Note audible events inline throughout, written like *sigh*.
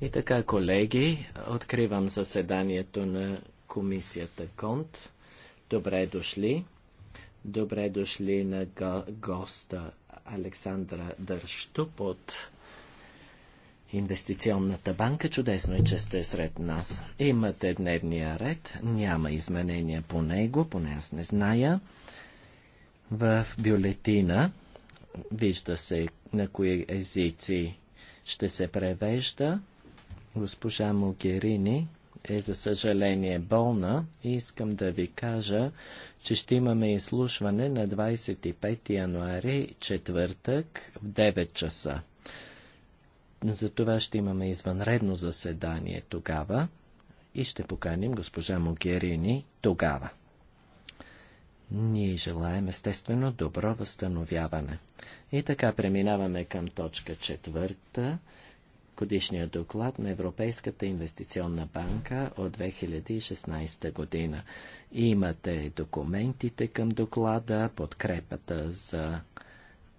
И така, колеги, откривам заседанието на комисията КОНТ. Добре дошли. Добре дошли на го госта Александра Дърштуп от Инвестиционната банка. Чудесно е, че сте сред нас. Имате дневния ред, няма изменения по него, поне аз не зная. В бюлетина вижда се на кои езици ще се превежда. Госпожа Могерини е, за съжаление, болна и искам да ви кажа, че ще имаме изслушване на 25 януари, четвъртък, в 9 часа. За това ще имаме извънредно заседание тогава и ще поканим госпожа Могерини тогава. Ние желаем естествено добро възстановяване. И така преминаваме към точка четвърта. Годишният доклад на Европейската инвестиционна банка от 2016 година. Имате документите към доклада, подкрепата за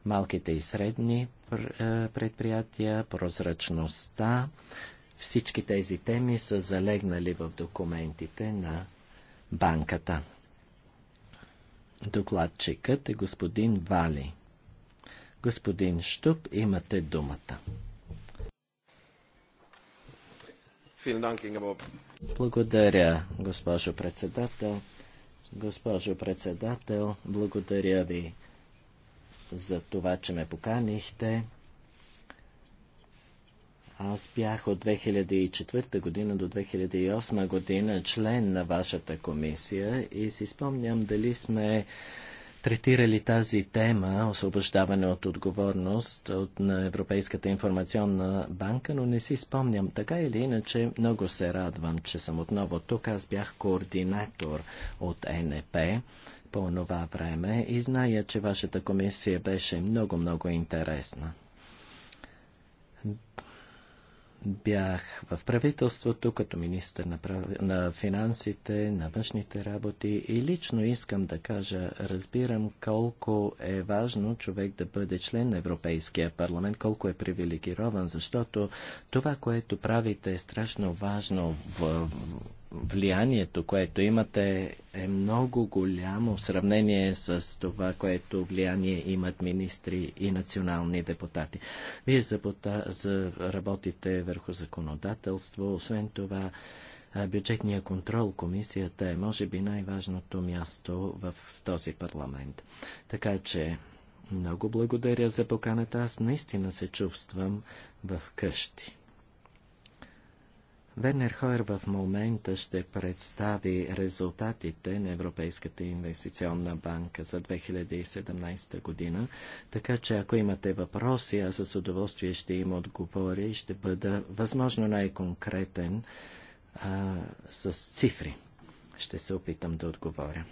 малките и средни е, предприятия, прозрачността. Всички тези теми са залегнали в документите на банката. Докладчикът е господин Вали. Господин Штуп, имате думата. Благодаря, госпожо председател. Госпожо председател, благодаря ви за това, че ме поканихте. Аз бях от 2004 година до 2008 година член на вашата комисия и си спомням дали сме третирали тази тема, освобождаване от отговорност от, на Европейската информационна банка, но не си спомням. Така или иначе, много се радвам, че съм отново тук. Аз бях координатор от НП по това време и зная, че вашата комисия беше много-много интересна бях в правителството като министър на, прав... на финансите, на външните работи и лично искам да кажа, разбирам колко е важно човек да бъде член на Европейския парламент, колко е привилегирован, защото това, което правите е страшно важно в влиянието, което имате, е много голямо в сравнение с това, което влияние имат министри и национални депутати. Вие забота, за, работите върху законодателство, освен това бюджетния контрол комисията е може би най-важното място в този парламент. Така че много благодаря за поканата. Аз наистина се чувствам в къщи. Вернер Хойер в момента ще представи резултатите на Европейската инвестиционна банка за 2017 година, така че ако имате въпроси, аз с удоволствие ще им отговоря и ще бъда възможно най-конкретен с цифри. Ще се опитам да отговоря.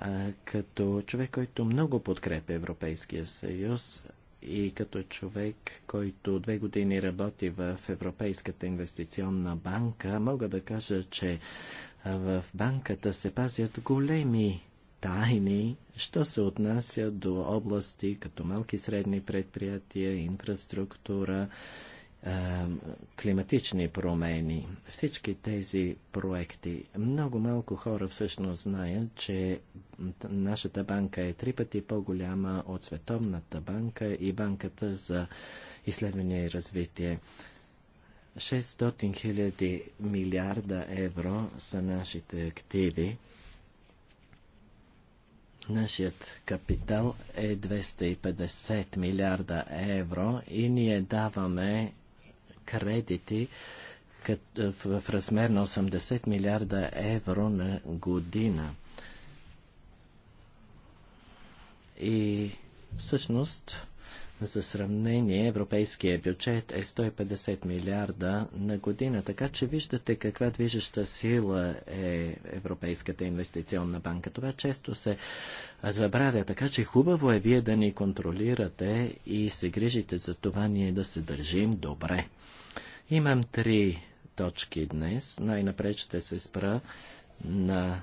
А, като човек, който много подкрепя Европейския съюз, и като човек, който две години работи в Европейската инвестиционна банка, мога да кажа, че в банката се пазят големи тайни, що се отнася до области като малки и средни предприятия, инфраструктура, климатични промени. Всички тези проекти. Много малко хора всъщност знаят, че нашата банка е три пъти по-голяма от Световната банка и банката за изследване и развитие. 600 хиляди милиарда евро са нашите активи. Нашият капитал е 250 милиарда евро и ние даваме кредити в размер на 80 милиарда евро на година. И всъщност за сравнение, европейския бюджет е 150 милиарда на година, така че виждате каква движеща сила е Европейската инвестиционна банка. Това често се забравя, така че хубаво е вие да ни контролирате и се грижите за това ние да се държим добре. Имам три точки днес. Най-напред ще се спра на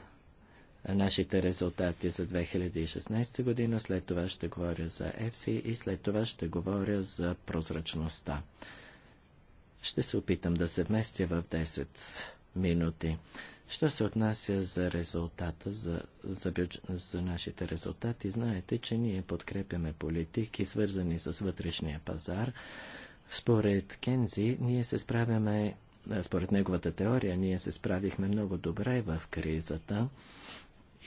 нашите резултати за 2016 година, след това ще говоря за FC и след това ще говоря за прозрачността. Ще се опитам да се вместя в 10 минути. Що се отнася за резултата, за, за, бюдж... за нашите резултати, знаете, че ние подкрепяме политики, свързани с вътрешния пазар. Според Кензи, ние се справяме, според неговата теория, ние се справихме много добре в кризата.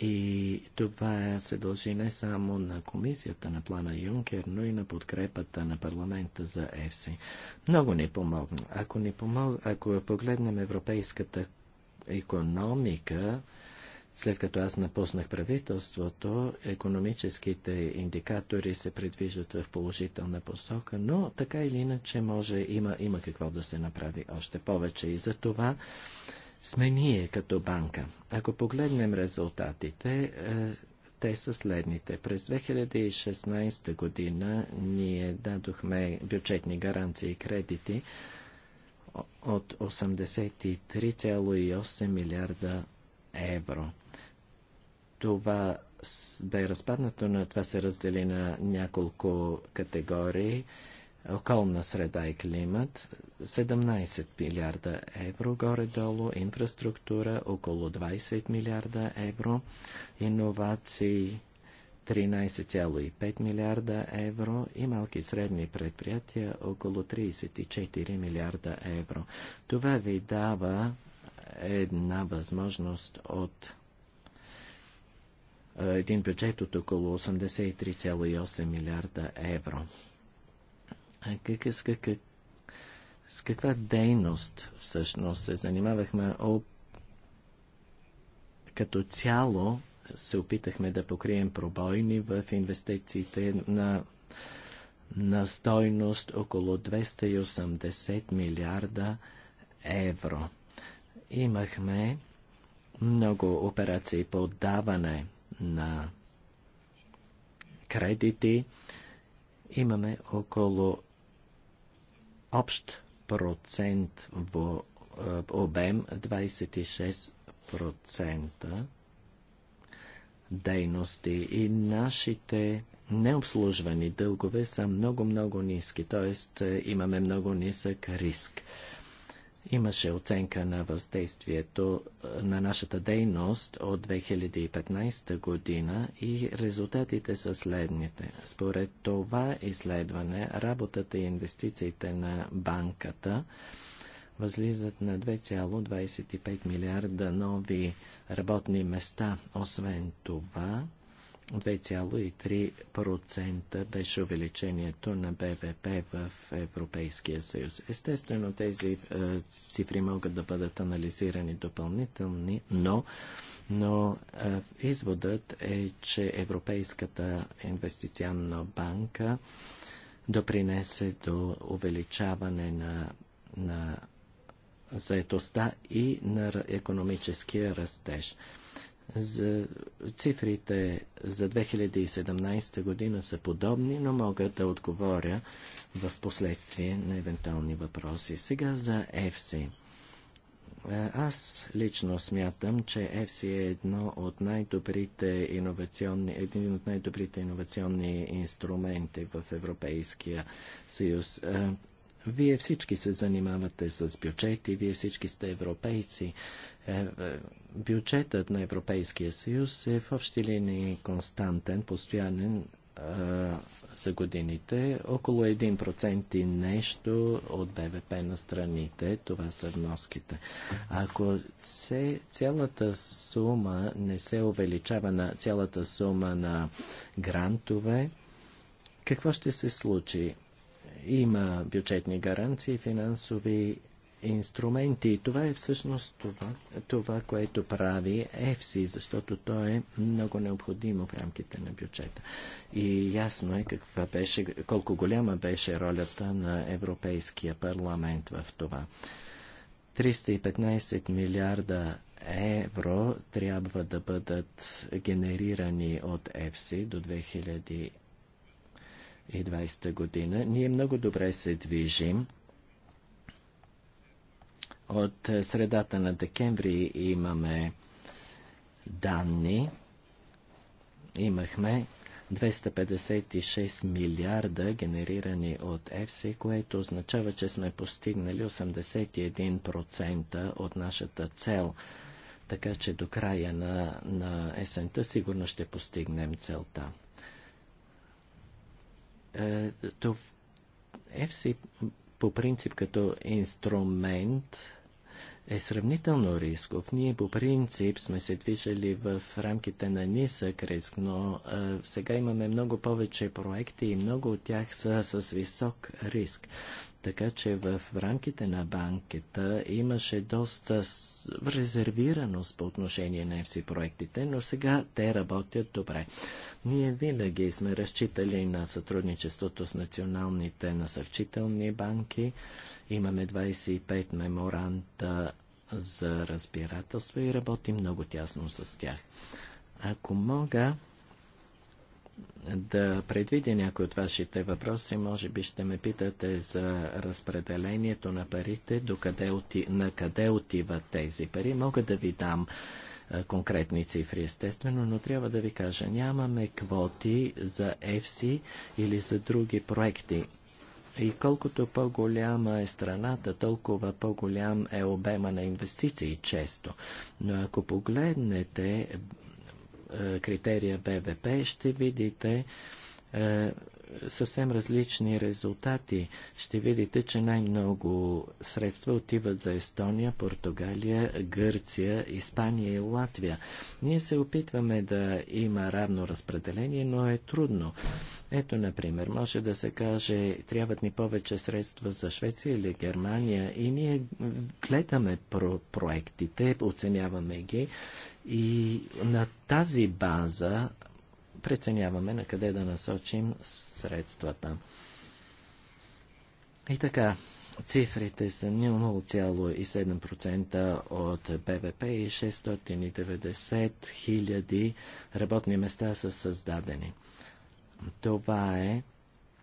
И това се дължи не само на комисията на плана Юнкер, но и на подкрепата на парламента за ЕФСИ. Много ни помогна. Ако, ни помог... Ако погледнем европейската економика, след като аз напуснах правителството, економическите индикатори се предвиждат в положителна посока, но така или иначе може, има, има какво да се направи още повече. И за това сме ние като банка. Ако погледнем резултатите, е, те са следните. През 2016 година ние дадохме бюджетни гаранции и кредити от 83,8 милиарда евро. Това бе разпаднато, но това се раздели на няколко категории околна среда и климат, 17 милиарда евро горе-долу, инфраструктура около 20 милиарда евро, иновации 13,5 милиарда евро и малки и средни предприятия около 34 милиарда евро. Това ви дава една възможност от е, един бюджет от около 83,8 милиарда евро. Как, с, как, с каква дейност всъщност се занимавахме? О, като цяло се опитахме да покрием пробойни в инвестициите на, на стойност около 280 милиарда евро. Имахме много операции по отдаване на кредити. Имаме около общ процент в е, обем 26% дейности и нашите необслужвани дългове са много-много ниски, т.е. имаме много нисък риск. Имаше оценка на въздействието на нашата дейност от 2015 година и резултатите са следните. Според това изследване, работата и инвестициите на банката възлизат на 2,25 милиарда нови работни места. Освен това, 2,3% беше увеличението на БВП в Европейския съюз. Естествено, тези е, цифри могат да бъдат анализирани допълнителни, но, но е, изводът е, че Европейската инвестиционна банка допринесе до увеличаване на, на заетостта и на економическия растеж. За цифрите за 2017 година са подобни, но мога да отговоря в последствие на евентуални въпроси. Сега за EFSI. Е, аз лично смятам, че EFSI е едно от най-добрите иновационни, един от най-добрите иновационни инструменти в Европейския съюз. Е, вие всички се занимавате с бюджети, вие всички сте европейци. Е, е, бюджетът на Европейския съюз е в общи линии константен, постоянен е, за годините. Около 1% и нещо от БВП на страните, това са вноските. Ако се, цялата сума не се увеличава на цялата сума на грантове, какво ще се случи? Има бюджетни гаранции, финансови инструменти. И това е всъщност това, това което прави ЕФСИ, защото то е много необходимо в рамките на бюджета. И ясно е каква беше, колко голяма беше ролята на Европейския парламент в това. 315 милиарда евро трябва да бъдат генерирани от ЕФСИ до 2000 2020 година. Ние много добре се движим. От е, средата на декември имаме данни. Имахме 256 милиарда генерирани от ЕФСИ, което означава, че сме постигнали 81% от нашата цел. Така че до края на, на есента сигурно ще постигнем целта. FC е, по принцип като инструмент е сравнително рисков. Ние по принцип сме се движили в рамките на нисък риск, но а, е, сега имаме много повече проекти и много от тях са с висок риск. Така че в рамките на банката имаше доста резервираност по отношение на FC проектите, но сега те работят добре. Ние винаги сме разчитали на сътрудничеството с националните насърчителни банки. Имаме 25 меморанта за разбирателство и работим много тясно с тях. Ако мога, да предвидя някои от вашите въпроси. Може би ще ме питате за разпределението на парите, къде оти... на къде отиват тези пари. Мога да ви дам конкретни цифри, естествено, но трябва да ви кажа, нямаме квоти за EFSI или за други проекти. И колкото по-голяма е страната, толкова по-голям е обема на инвестиции често. Но ако погледнете е, критерия БВП, ще видите е, съвсем различни резултати. Ще видите, че най-много средства отиват за Естония, Португалия, Гърция, Испания и Латвия. Ние се опитваме да има равно разпределение, но е трудно. Ето, например, може да се каже, трябват ни повече средства за Швеция или Германия и ние гледаме про- проектите, оценяваме ги и на тази база преценяваме на къде да насочим средствата. И така, цифрите са 0,7% от БВП и 690 хиляди работни места са създадени. Това е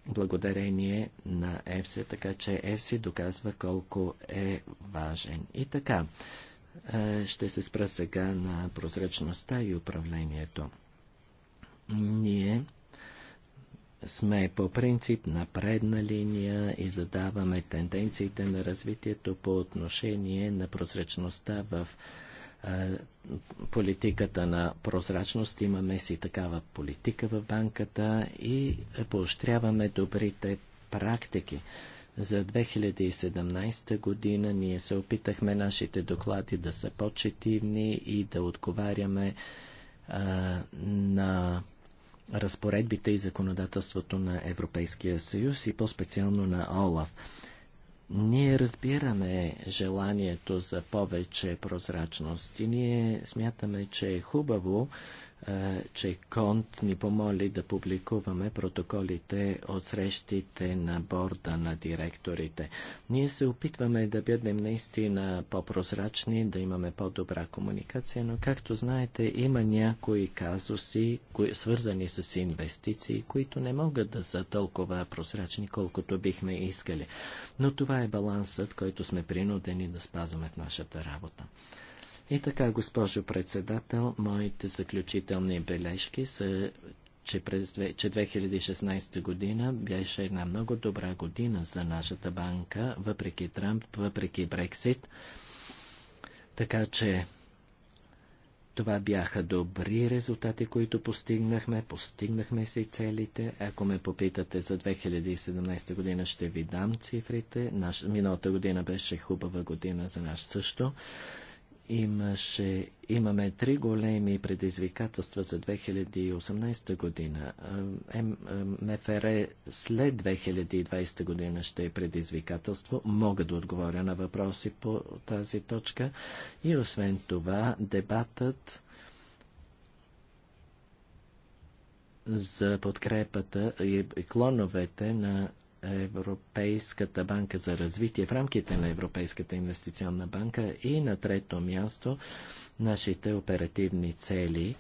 благодарение на ЕФСИ, така че ЕФСИ доказва колко е важен. И така, е, ще се спра сега на прозрачността и управлението. Ние сме по принцип на предна линия и задаваме тенденциите на развитието по отношение на прозрачността в политиката на прозрачност. Имаме си такава политика в банката и поощряваме добрите практики. За 2017 година ние се опитахме нашите доклади да са по-четивни и да отговаряме а, на разпоредбите и законодателството на Европейския съюз и по-специално на ОЛАФ. Ние разбираме желанието за повече прозрачност и ние смятаме, че е хубаво е, че Конт ни помоли да публикуваме протоколите от срещите на борда на директорите. Ние се опитваме да бъдем наистина по-прозрачни, да имаме по-добра комуникация, но както знаете, има някои казуси, кои, свързани с инвестиции, които не могат да са толкова прозрачни, колкото бихме искали. Но това е балансът, който сме принудени да спазваме в нашата работа. И така, госпожо председател, моите заключителни бележки са, че, през, че 2016 година беше една много добра година за нашата банка, въпреки Трамп, въпреки Брексит. Така че това бяха добри резултати, които постигнахме. Постигнахме си целите. Ако ме попитате за 2017 година, ще ви дам цифрите. Наш... Миналата година беше хубава година за нас също. Имаше, имаме три големи предизвикателства за 2018 година. Е, МФР е, след 2020 година ще е предизвикателство. Мога да отговоря на въпроси по тази точка. И освен това, дебатът за подкрепата и клоновете на Европейската банка за развитие в рамките на Европейската инвестиционна банка и на трето място нашите оперативни цели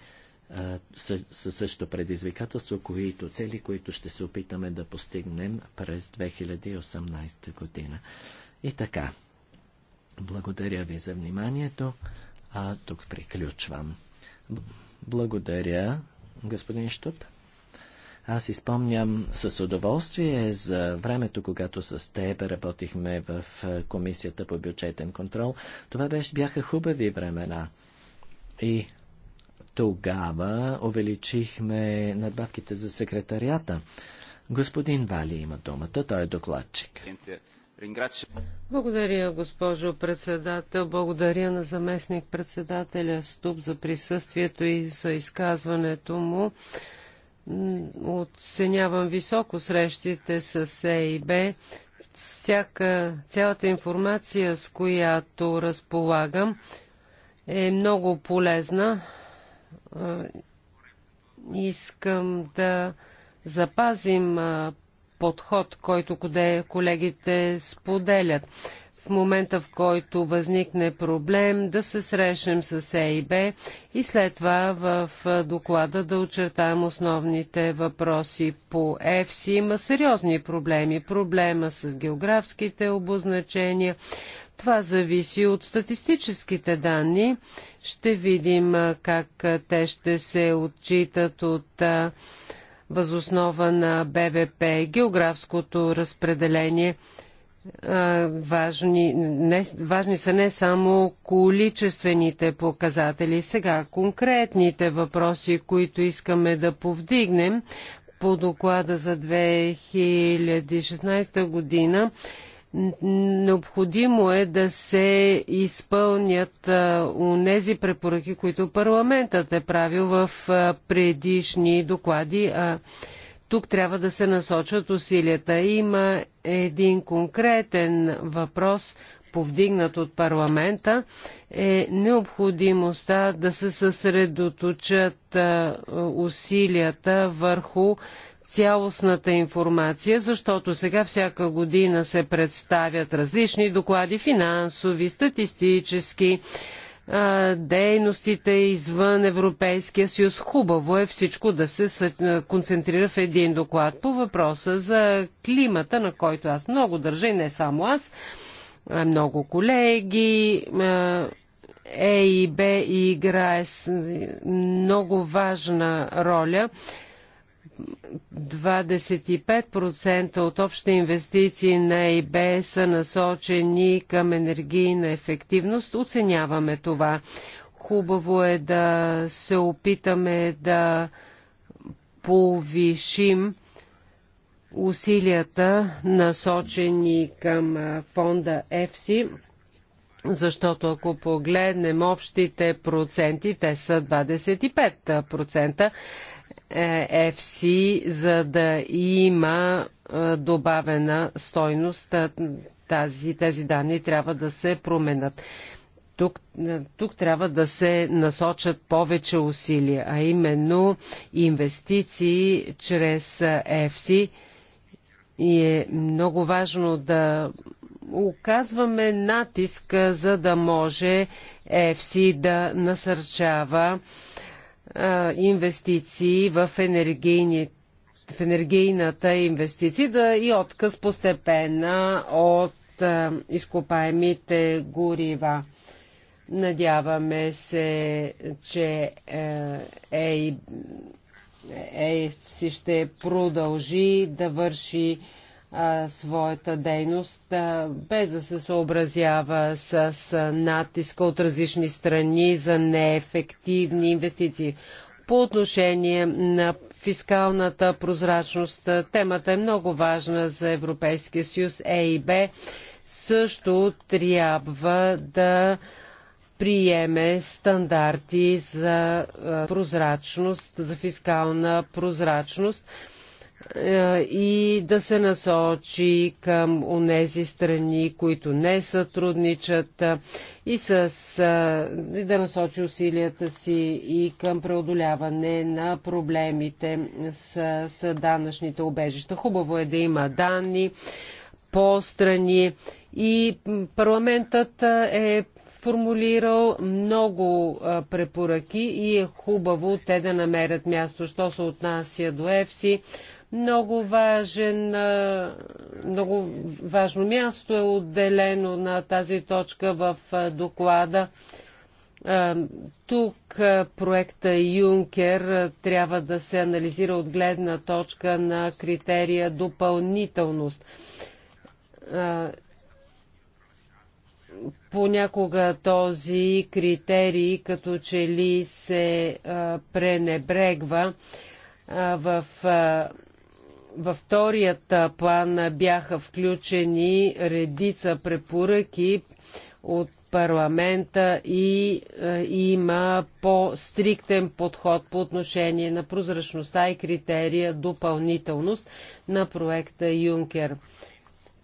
са, са също предизвикателство, които цели, които ще се опитаме да постигнем през 2018 година. И така, благодаря ви за вниманието, а тук приключвам. Благодаря, господин Штуп. Аз изпомням с удоволствие за времето, когато с теб работихме в е, Комисията по бюджетен контрол. Това беше, бяха хубави времена. И тогава увеличихме надбавките за секретарията. Господин Вали има думата, той е докладчик. Благодаря, госпожо председател. Благодаря на заместник председателя Ступ за присъствието и за изказването му. Оценявам високо срещите с Е Б. Всяка, цялата информация, с която разполагам, е много полезна. Искам да запазим подход, който колегите споделят в момента, в който възникне проблем, да се срещнем с ЕИБ и след това в доклада да очертаем основните въпроси по ЕФСИ. Има сериозни проблеми. Проблема с географските обозначения. Това зависи от статистическите данни. Ще видим как те ще се отчитат от възоснова на БВП, географското разпределение – важни, не, важни са не само количествените показатели. Сега конкретните въпроси, които искаме да повдигнем по доклада за 2016 година, необходимо е да се изпълнят унези препоръки, които парламентът е правил в предишни доклади. А, тук трябва да се насочат усилията. Има един конкретен въпрос, повдигнат от парламента, е необходимостта да се съсредоточат усилията върху цялостната информация, защото сега всяка година се представят различни доклади, финансови, статистически, дейностите извън Европейския съюз. Хубаво е всичко да се концентрира в един доклад. По въпроса за климата, на който аз много държа и не само аз, много колеги, Е и Б играе много важна роля 25% от общите инвестиции на ЕБ са насочени към енергийна ефективност. Оценяваме това. Хубаво е да се опитаме да повишим усилията насочени към фонда ЕФСИ, защото ако погледнем общите проценти, те са 25%. FC, за да има добавена стойност. Тази, тези данни трябва да се променят. Тук, тук трябва да се насочат повече усилия, а именно инвестиции чрез FC. И е много важно да оказваме натиск, за да може FC да насърчава инвестиции в, енергийни, в енергийната инвестиции да и отказ постепенна от изкопаемите горива. Надяваме се, че ЕИ е, е, ще продължи да върши а, своята дейност, а, без да се съобразява с, с натиска от различни страни за неефективни инвестиции. По отношение на фискалната прозрачност, темата е много важна за Европейския съюз. Е и Б също трябва да приеме стандарти за прозрачност, за фискална прозрачност. Е, и да се насочи към онези страни, които не сътрудничат е, и, с, е, и да насочи усилията си и към преодоляване на проблемите с, с данъчните убежища. Хубаво е да има данни по страни и парламентът е формулирал много препоръки и е хубаво те да намерят място. Що се отнася до ЕФСИ, много, важен, много важно място е отделено на тази точка в доклада. Тук проекта Юнкер трябва да се анализира от гледна точка на критерия допълнителност. Понякога този критерий като че ли се пренебрегва в във вторият план бяха включени редица препоръки от парламента и, и има по-стриктен подход по отношение на прозрачността и критерия допълнителност на проекта Юнкер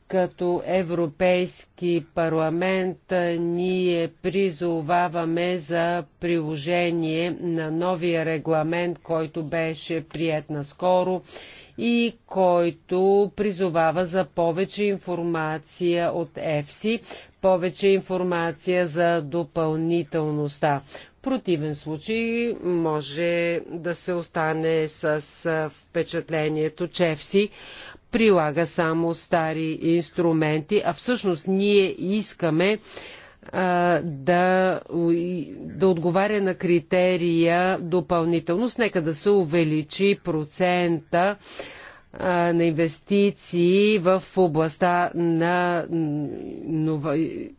като Европейски парламент ние призоваваме за приложение на новия регламент, който беше прият наскоро и който призовава за повече информация от ЕФСИ, повече информация за допълнителността. В противен случай може да се остане с впечатлението, че ЕФСИ прилага само стари инструменти, а всъщност ние искаме а, да, да отговаря на критерия допълнителност. Нека да се увеличи процента а, на инвестиции в областта на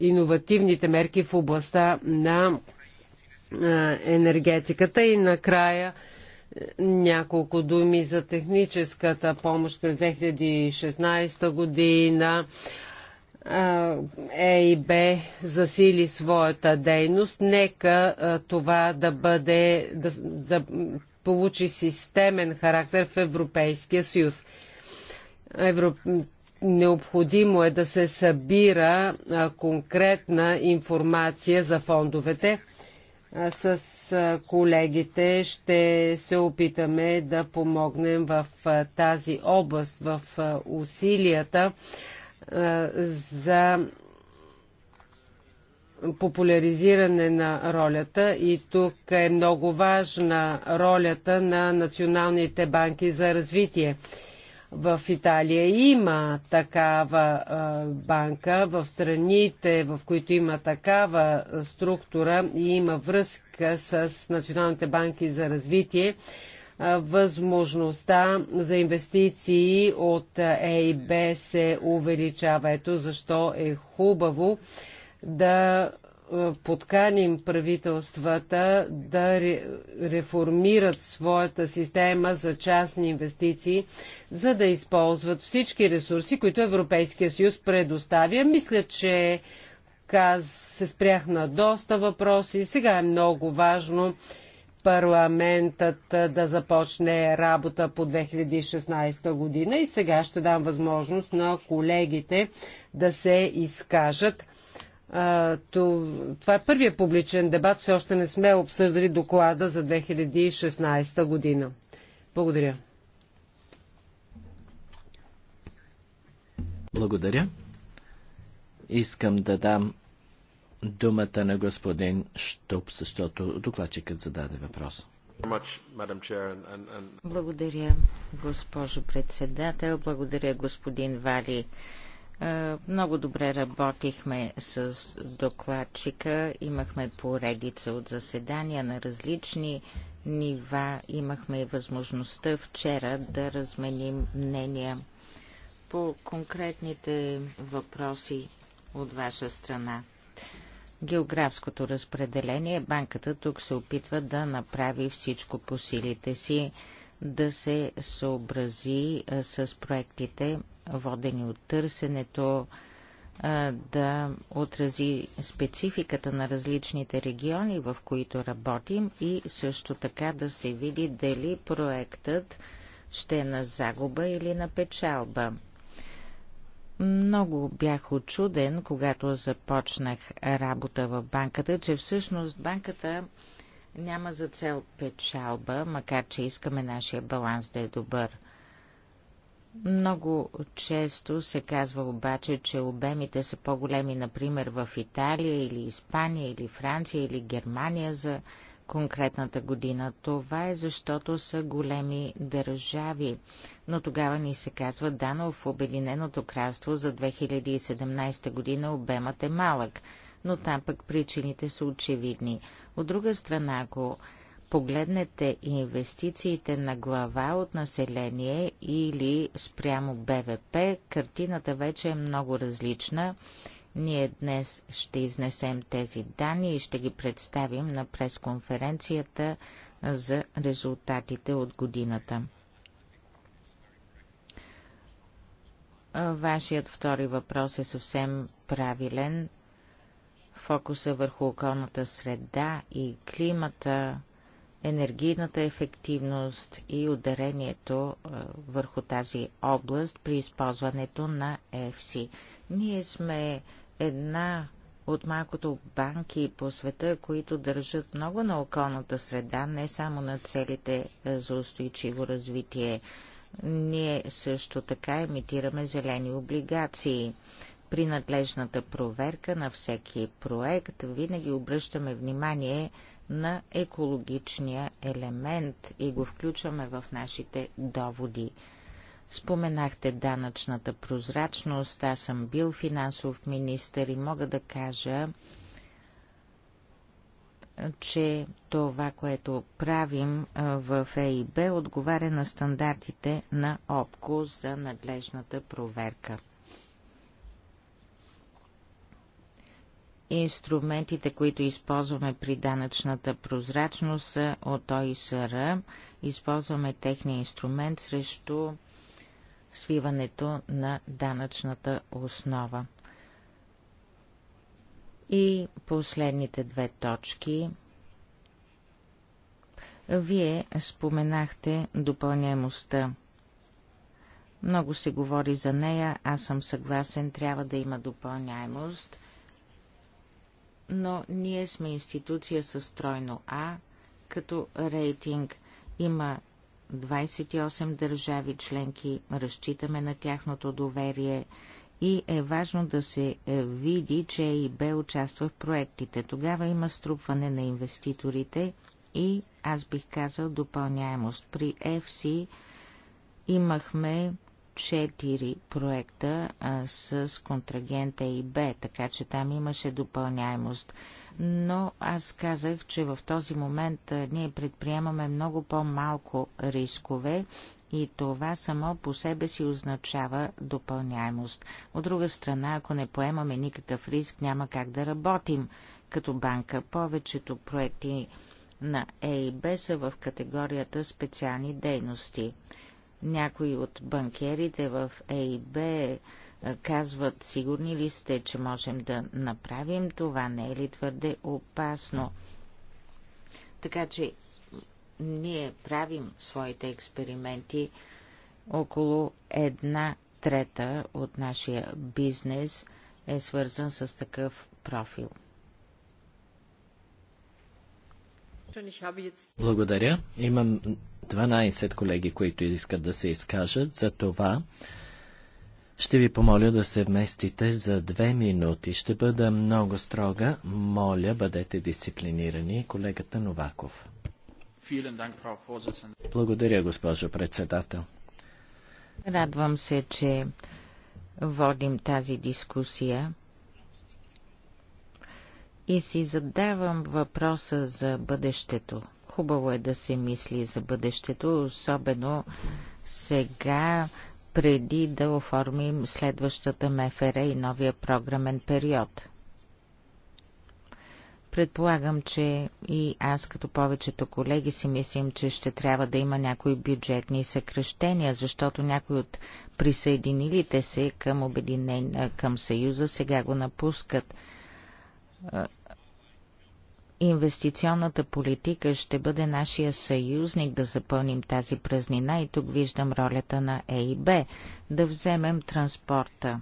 иновативните мерки в областта на енергетиката и накрая няколко думи за техническата помощ през 2016 година. ЕИБ засили своята дейност. Нека това да бъде, да, да получи системен характер в Европейския съюз. Евро... Необходимо е да се събира конкретна информация за фондовете с колегите ще се опитаме да помогнем в тази област, в усилията за популяризиране на ролята и тук е много важна ролята на националните банки за развитие. В Италия има такава банка. В страните, в които има такава структура и има връзка с националните банки за развитие, възможността за инвестиции от ЕИБ се увеличава. Ето защо е хубаво да е, подканим правителствата да реформират своята система за частни инвестиции, за да използват всички ресурси, които Европейския съюз предоставя. Мисля, че каз се спрях на доста въпроси. Сега е много важно парламентът е, да започне работа по 2016 година и сега ще дам възможност на колегите да се изкажат. Това е първият публичен дебат. Все още не сме обсъждали доклада за 2016 година. Благодаря. Благодаря. Искам да дам думата на господин Штуп, защото докладчикът зададе въпрос. Благодаря, госпожо председател. Благодаря, господин Вали. Е, много добре работихме с докладчика, имахме поредица от заседания на различни нива, имахме и възможността вчера да разменим мнения по конкретните въпроси от ваша страна. Географското разпределение, банката тук се опитва да направи всичко по силите си, да се съобрази е, с проектите водени от търсенето, да отрази спецификата на различните региони, в които работим и също така да се види дали проектът ще е на загуба или на печалба. Много бях очуден, когато започнах работа в банката, че всъщност банката няма за цел печалба, макар че искаме нашия баланс да е добър – много често се казва обаче, че обемите са по-големи, например, в Италия или Испания или Франция или Германия за конкретната година. Това е защото са големи държави. Но тогава ни се казва, да, но в Обединеното кралство за 2017 година обемът е малък. Но там пък причините са очевидни. От друга страна, ако погледнете инвестициите на глава от население или спрямо БВП, картината вече е много различна. Ние днес ще изнесем тези данни и ще ги представим на пресконференцията за резултатите от годината. Вашият втори въпрос е съвсем правилен. Фокуса върху околната среда и климата енергийната ефективност и ударението върху тази област при използването на EFC. Ние сме една от малкото банки по света, които държат много на околната среда, не само на целите за устойчиво развитие. Ние също така емитираме зелени облигации. При надлежната проверка на всеки проект винаги обръщаме внимание на екологичния елемент и го включваме в нашите доводи. Споменахте данъчната прозрачност. Аз съм бил финансов министър и мога да кажа, че това, което правим в ЕИБ, отговаря на стандартите на ОПКО за надлежната проверка. Инструментите, които използваме при данъчната прозрачност са от ОИСР. Използваме техния инструмент срещу свиването на данъчната основа. И последните две точки. Вие споменахте допълняемостта. Много се говори за нея, аз съм съгласен, трябва да има допълняемост – но ние сме институция със стройно, А като рейтинг. Има 28 държави членки, разчитаме на тяхното доверие и е важно да се види, че и Б участва в проектите. Тогава има струпване на инвеститорите и, аз бих казал, допълняемост. При FC имахме четири проекта а, с контрагента ИБ, така че там имаше допълняемост. Но аз казах, че в този момент а, ние предприемаме много по-малко рискове и това само по себе си означава допълняемост. От друга страна, ако не поемаме никакъв риск, няма как да работим като банка. Повечето проекти на е и B са в категорията специални дейности. Някои от банкерите в ЕИБ казват, сигурни ли сте, че можем да направим това? Не е ли твърде опасно? Така че ние правим своите експерименти около една трета от нашия бизнес е свързан с такъв профил. Благодаря. Имам 12 колеги, които искат да се изкажат. За това ще ви помоля да се вместите за две минути. Ще бъда много строга. Моля, бъдете дисциплинирани. Колегата Новаков. Благодаря, госпожо председател. Радвам се, че водим тази дискусия и си задавам въпроса за бъдещето Хубаво е да се мисли за бъдещето, особено сега, преди да оформим следващата МФР и новия програмен период. Предполагам, че и аз, като повечето колеги, си мислим, че ще трябва да има някои бюджетни съкръщения, защото някои от присъединилите се към, обединен... към Съюза сега го напускат инвестиционната политика ще бъде нашия съюзник да запълним тази празнина и тук виждам ролята на ЕИБ. Да вземем транспорта.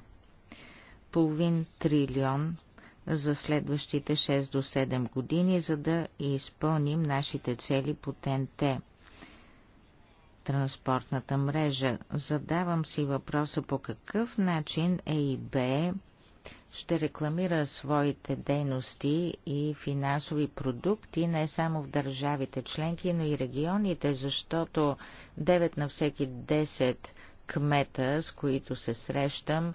Половин трилион за следващите 6 до 7 години, за да изпълним нашите цели по ТНТ. Транспортната мрежа. Задавам си въпроса по какъв начин ЕИБ ще рекламира своите дейности и финансови продукти не само в държавите членки, но и регионите, защото 9 на всеки 10 кмета, с които се срещам,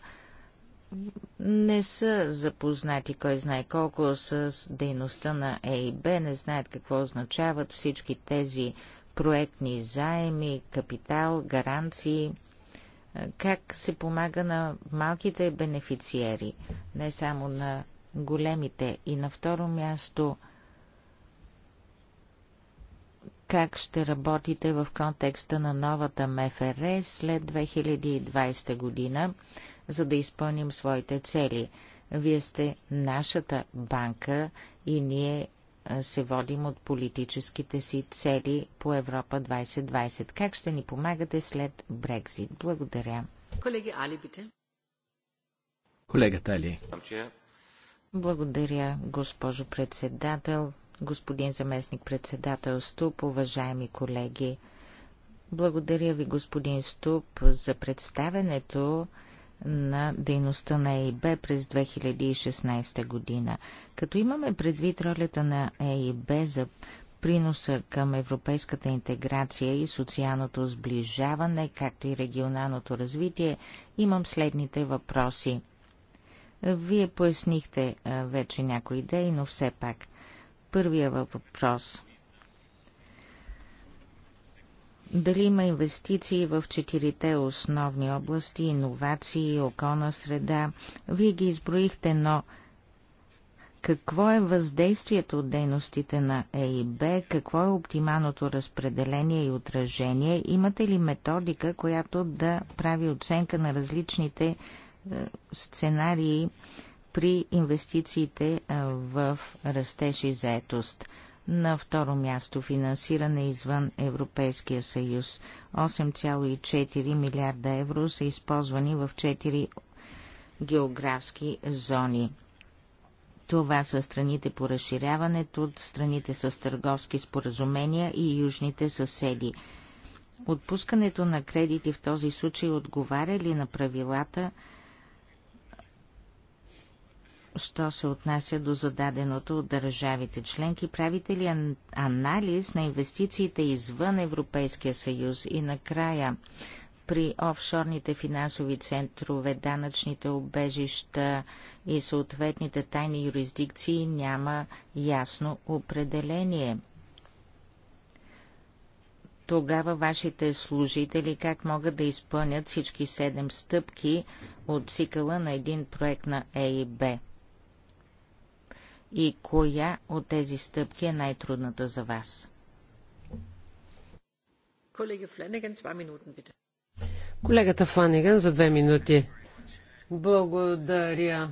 не са запознати, кой знае колко, с дейността на ЕИБ, не знаят какво означават всички тези проектни заеми, капитал, гаранции – как се помага на малките бенефициери, не само на големите. И на второ място, как ще работите в контекста на новата МФР след 2020 година, за да изпълним своите цели. Вие сте нашата банка и ние се водим от политическите си цели по Европа 2020. Как ще ни помагате след Брекзит? Благодаря. Колеги Али, бите. Колегата Али. Благодаря, госпожо председател, господин заместник председател Ступ, уважаеми колеги. Благодаря ви, господин Ступ, за представенето на дейността на ЕИБ през 2016 година. Като имаме предвид ролята на ЕИБ за приноса към европейската интеграция и социалното сближаване, както и регионалното развитие, имам следните въпроси. Вие пояснихте вече някои идеи, но все пак. Първия въпрос – дали има инвестиции в четирите основни области, иновации, околна среда? Вие ги изброихте, но какво е въздействието от дейностите на е Б? Какво е оптималното разпределение и отражение? Имате ли методика, която да прави оценка на различните е, сценарии при инвестициите е, в растеж и заетост? На второ място финансиране извън Европейския съюз. 8,4 милиарда евро са използвани в 4 географски зони. Това са страните по разширяването, страните с търговски споразумения и южните съседи. Отпускането на кредити в този случай отговаря ли на правилата що се отнася до зададеното от държавите членки, правите ли анализ на инвестициите извън Европейския съюз и накрая при офшорните финансови центрове, данъчните обежища и съответните тайни юрисдикции няма ясно определение? тогава вашите служители как могат да изпълнят всички седем стъпки от цикъла на един проект на Е и Б? и коя от тези стъпки е най-трудната за вас? Колегата Фланиган за две минути. Благодаря.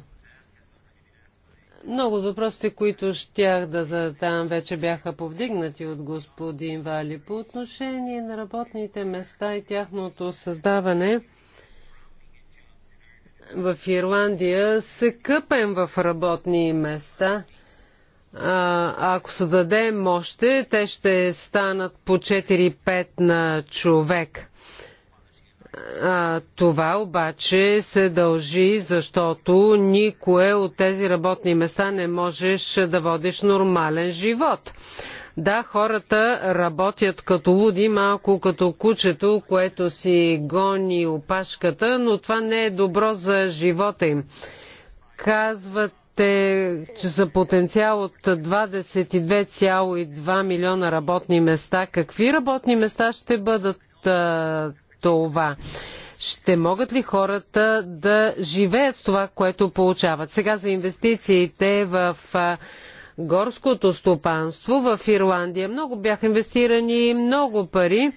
Много от въпросите, които щях да задам, вече бяха повдигнати от господин Вали по отношение на работните места и тяхното създаване в Ирландия се къпем в работни места. А, ако създадем още, те ще станат по 4-5 на човек. А, това обаче се дължи, защото никое от тези работни места не можеш да водиш нормален живот. Да, хората работят като луди, малко като кучето, което си гони опашката, но това не е добро за живота им. Казват че са потенциал от 22,2 милиона работни места. Какви работни места ще бъдат а, това? Ще могат ли хората да живеят с това, което получават? Сега за инвестициите в а, горското стопанство в Ирландия. Много бяха инвестирани много пари,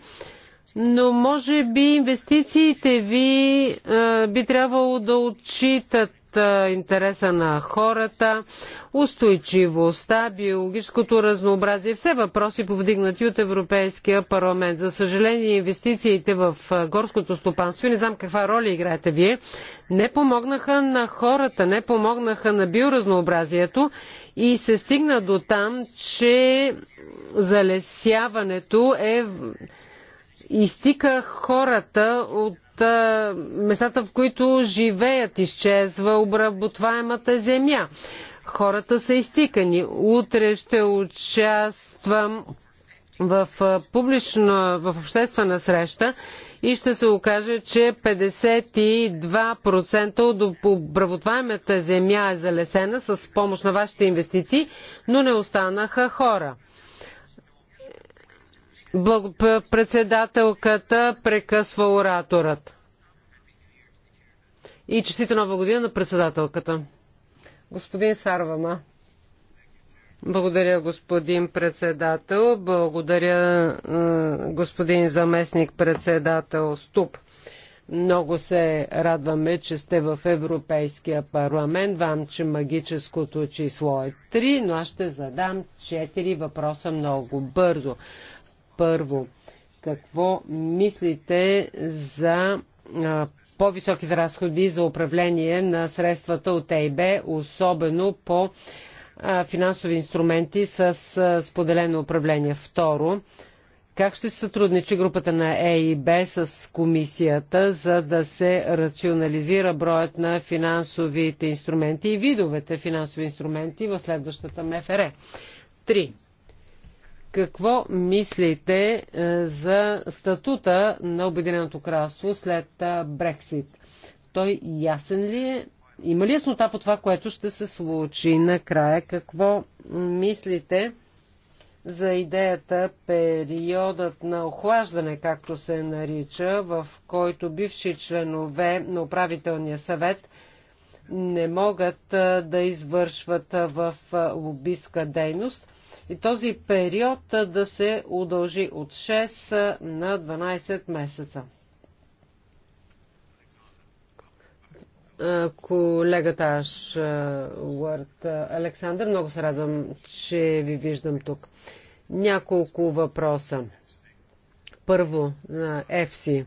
но може би инвестициите ви би трябвало да отчитат интереса на хората, устойчивостта, биологическото разнообразие, все въпроси повдигнати от Европейския парламент. За съжаление, инвестициите в горското стопанство, не знам каква роля играете вие, не помогнаха на хората, не помогнаха на биоразнообразието и се стигна до там, че залесяването е изтика хората от местата, в които живеят, изчезва обработваемата земя. Хората са изтикани. Утре ще участвам в публична, в обществена среща и ще се окаже, че 52% от обработваемата земя е залесена с помощ на вашите инвестиции, но не останаха хора. Председателката прекъсва ораторът. И честита нова година на председателката. Господин Сарвама. Благодаря, господин председател. Благодаря, е, господин заместник председател Ступ. Много се радваме, че сте в Европейския парламент. Вам, че магическото число е 3, но аз ще задам 4 въпроса много бързо. Първо, какво мислите за по-високите разходи за управление на средствата от ЕИБ, особено по финансови инструменти с споделено управление. Второ, как ще се сътрудничи групата на ЕИБ с комисията, за да се рационализира броят на финансовите инструменти и видовете финансови инструменти в следващата МФР? Три. Какво мислите е, за статута на Обединеното кралство след Брексит? Той ясен ли е? Има ли яснота по това, което ще се случи накрая? Какво мислите за идеята периодът на охлаждане, както се нарича, в който бивши членове на управителния съвет не могат да извършват в лобистка дейност? И този период да се удължи от 6 на 12 месеца. колегата Аш Уърт. Александър, много се радвам, че ви виждам тук. Няколко въпроса. Първо, ЕФСИ.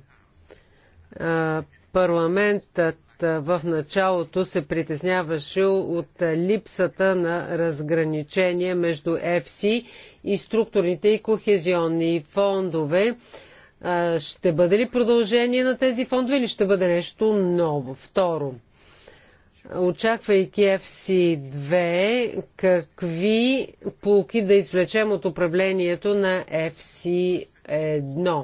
Парламентът в началото се притесняваше от липсата на разграничение между ЕФСИ и структурните и кохезионни фондове ще бъде ли продължение на тези фондове или ще бъде нещо ново? Второ, очаквайки FC2, какви полки да извлечем от управлението на FC1?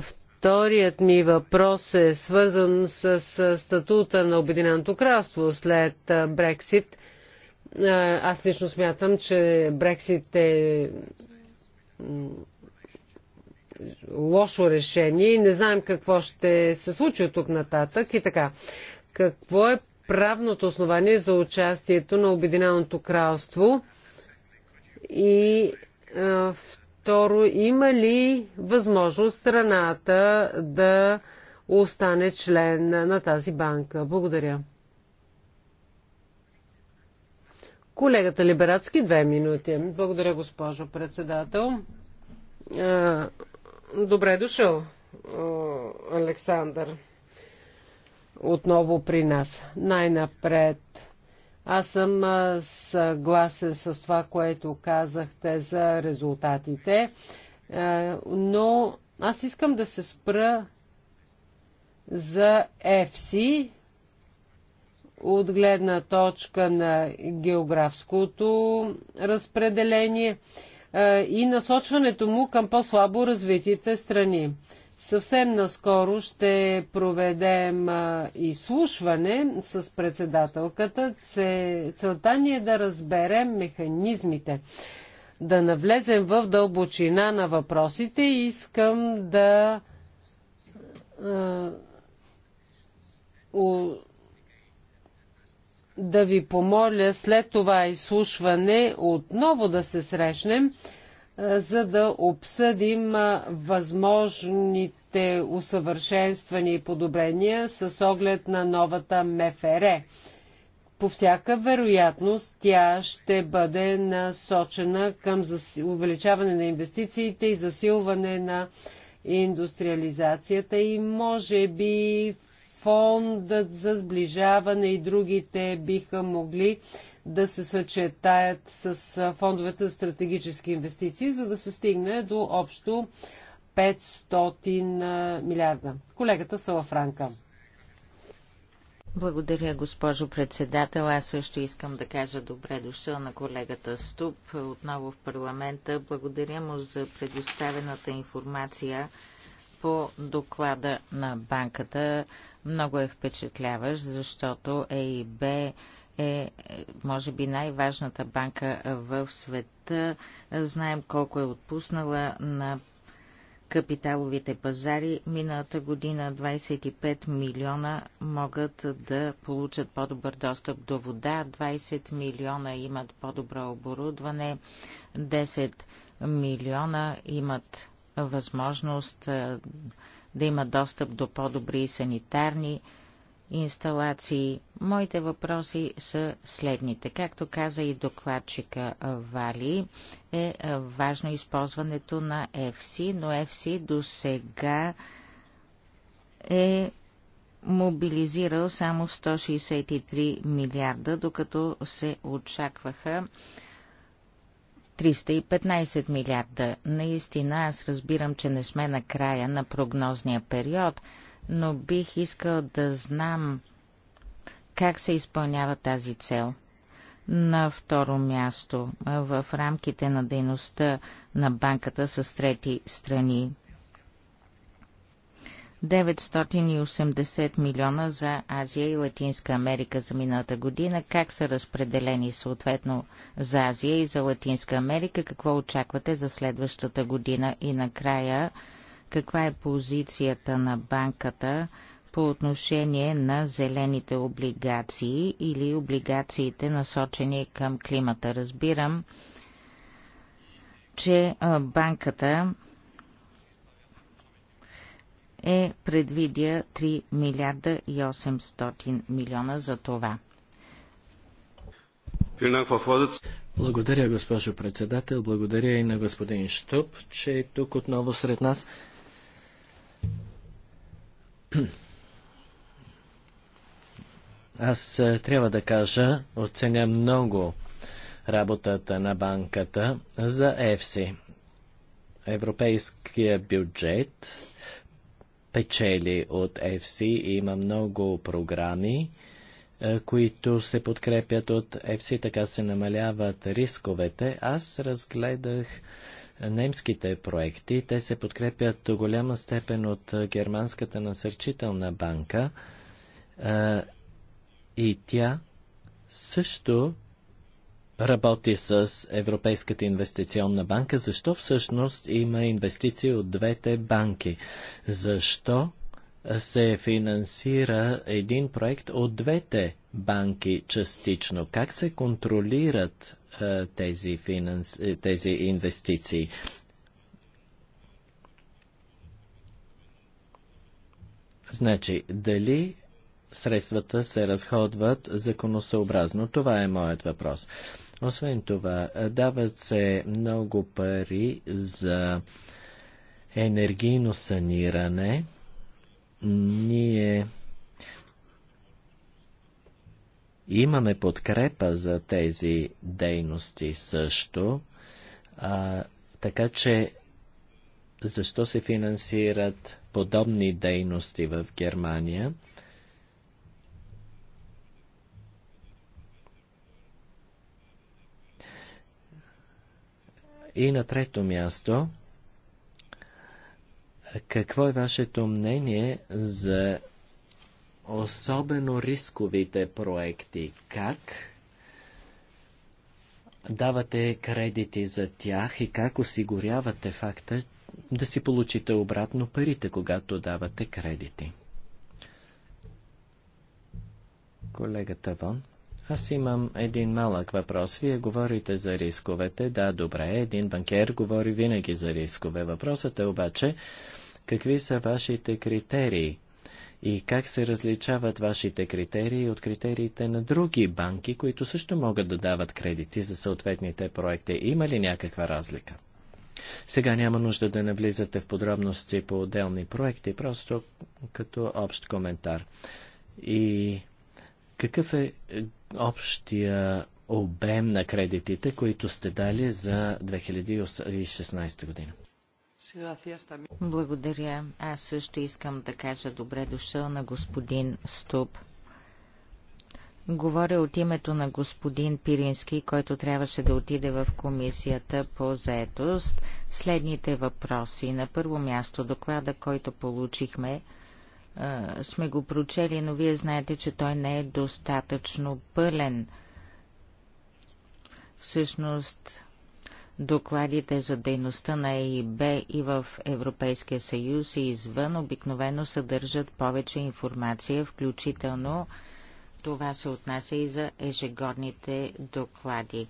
Вторият ми въпрос е свързан с статута на Обединеното кралство след Брексит. Аз лично смятам, че Брексит е лошо решение и не знаем какво ще се случи от тук нататък и така. Какво е правното основание за участието на Обединеното кралство и а, второ, има ли възможност страната да остане член на тази банка? Благодаря. Колегата Либератски, две минути. Благодаря, госпожо председател. Добре е дошъл, Александър. Отново при нас. Най-напред. Аз съм съгласен с това, което казахте за резултатите, но аз искам да се спра за FC от гледна точка на географското разпределение е, и насочването му към по-слабо развитите страни. Съвсем наскоро ще проведем е, изслушване с председателката. Целта ни е да разберем механизмите, да навлезем в дълбочина на въпросите и искам да е, да ви помоля след това изслушване отново да се срещнем, за да обсъдим възможните усъвършенствани и подобрения с оглед на новата МФР. По всяка вероятност тя ще бъде насочена към увеличаване на инвестициите и засилване на индустриализацията и може би фондът за сближаване и другите биха могли да се съчетаят с фондовете за стратегически инвестиции, за да се стигне до общо 500 милиарда. Колегата Салафранка. Благодаря, госпожо председател. Аз също искам да кажа добре дошъл на колегата Ступ отново в парламента. Благодаря му за предоставената информация по доклада на банката много е впечатляващ, защото ЕИБ е, може би, най-важната банка в света. Знаем колко е отпуснала на капиталовите пазари. Миналата година 25 милиона могат да получат по-добър достъп до вода, 20 милиона имат по-добро оборудване, 10 милиона имат възможност да има достъп до по-добри санитарни инсталации. Моите въпроси са следните. Както каза и докладчика Вали, е важно използването на FC, но FC до сега е мобилизирал само 163 милиарда, докато се очакваха 315 милиарда. Наистина, аз разбирам, че не сме на края на прогнозния период, но бих искал да знам как се изпълнява тази цел. На второ място, в рамките на дейността на банката с трети страни, 980 милиона за Азия и Латинска Америка за миналата година. Как са разпределени съответно за Азия и за Латинска Америка? Какво очаквате за следващата година? И накрая, каква е позицията на банката по отношение на зелените облигации или облигациите насочени към климата? Разбирам, че банката е предвидя 3 милиарда и 800 милиона за това. Благодаря, госпожо председател. Благодаря и на господин Штоп, че е тук отново сред нас. Аз е, трябва да кажа, оценя много работата на банката за ЕФСИ. Европейския бюджет печели от FC. Има много програми, е, които се подкрепят от FC, така се намаляват рисковете. Аз разгледах немските проекти. Те се подкрепят до голяма степен от Германската насърчителна банка е, и тя също работи с Европейската инвестиционна банка, защо всъщност има инвестиции от двете банки? Защо се финансира един проект от двете банки частично? Как се контролират а, е, тези, финанс... Е, тези инвестиции? Значи, дали средствата се разходват законосъобразно? Това е моят въпрос. Освен това, дават се много пари за енергийно саниране. Ние имаме подкрепа за тези дейности също, а, така че защо се финансират подобни дейности в Германия? И на трето място, какво е вашето мнение за особено рисковите проекти? Как давате кредити за тях и как осигурявате факта да си получите обратно парите, когато давате кредити? Колегата Вон. Аз имам един малък въпрос. Вие говорите за рисковете. Да, добре, един банкер говори винаги за рискове. Въпросът е обаче, какви са вашите критерии? И как се различават вашите критерии от критериите на други банки, които също могат да дават кредити за съответните проекти? Има ли някаква разлика? Сега няма нужда да навлизате в подробности по отделни проекти, просто като общ коментар. И какъв е, е общия обем на кредитите, които сте дали за 2016 година? Благодаря. Аз също искам да кажа добре дошъл на господин Ступ. Говоря от името на господин Пирински, който трябваше да отиде в комисията по заетост. Следните въпроси. На първо място доклада, който получихме а, сме го прочели, но вие знаете, че той не е достатъчно пълен. Всъщност, докладите за дейността на ЕИБ и в Европейския съюз и извън обикновено съдържат повече информация, включително това се отнася и за ежегодните доклади.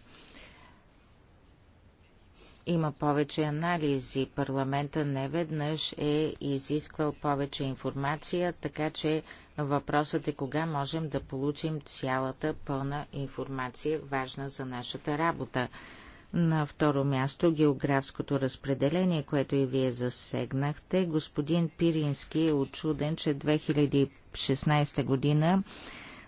Има повече анализи. Парламента не веднъж е изисквал повече информация, така че въпросът е кога можем да получим цялата пълна информация, важна за нашата работа. На второ място географското разпределение, което и вие засегнахте. Господин Пирински е очуден, че 2016 година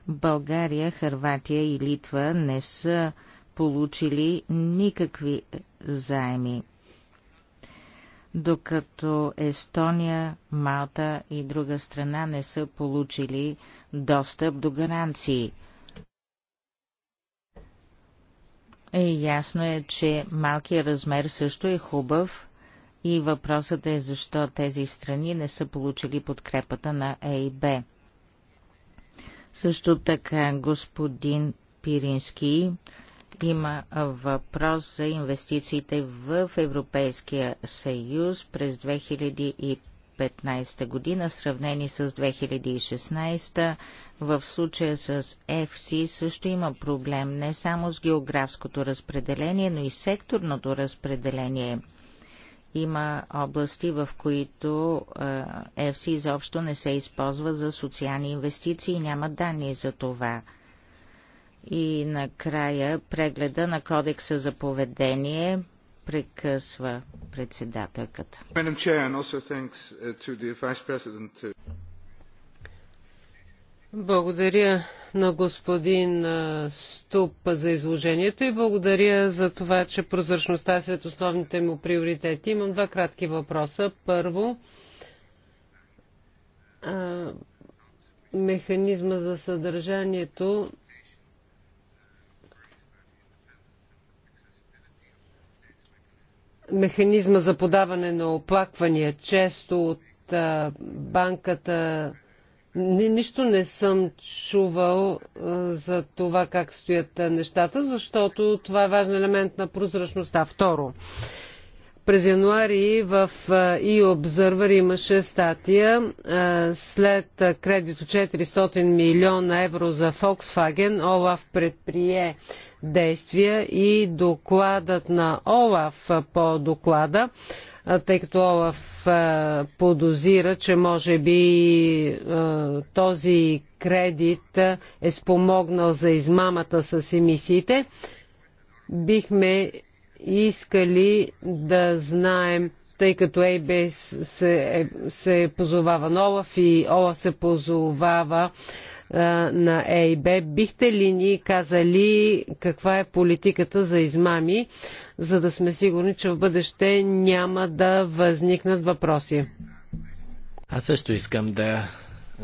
България, Харватия и Литва не са получили никакви заеми. Докато Естония, Малта и друга страна не са получили достъп до гаранции. Е, ясно е, че малкият размер също е хубав и въпросът е защо тези страни не са получили подкрепата на Б. Също така господин Пирински има въпрос за инвестициите в Европейския съюз през 2015 година, сравнени с 2016. В случая с ФС също има проблем не само с географското разпределение, но и секторното разпределение. Има области, в които ЕФСИ изобщо не се използва за социални инвестиции и няма данни за това – и накрая прегледа на кодекса за поведение прекъсва председателката. Uh, uh, благодаря на господин uh, Ступ за изложението и благодаря за това, че прозрачността е сред основните му приоритети. Имам два кратки въпроса. Първо, механизма за съдържанието механизма за подаване на оплаквания. Често от а, банката Ни, нищо не съм чувал а, за това как стоят нещата, защото това е важен елемент на прозрачността. Второ, през януари в e-Observer имаше статия след кредит от 400 милиона евро за Volkswagen. Олаф предприе действия и докладът на ОЛАФ по доклада, тъй като ОЛАФ подозира, че може би този кредит е спомогнал за измамата с емисиите, бихме искали да знаем тъй като ЕБ се, се позовава на Олаф и Олаф се позовава на ЕИБ. Бихте ли ни казали каква е политиката за измами, за да сме сигурни, че в бъдеще няма да възникнат въпроси? Аз също искам да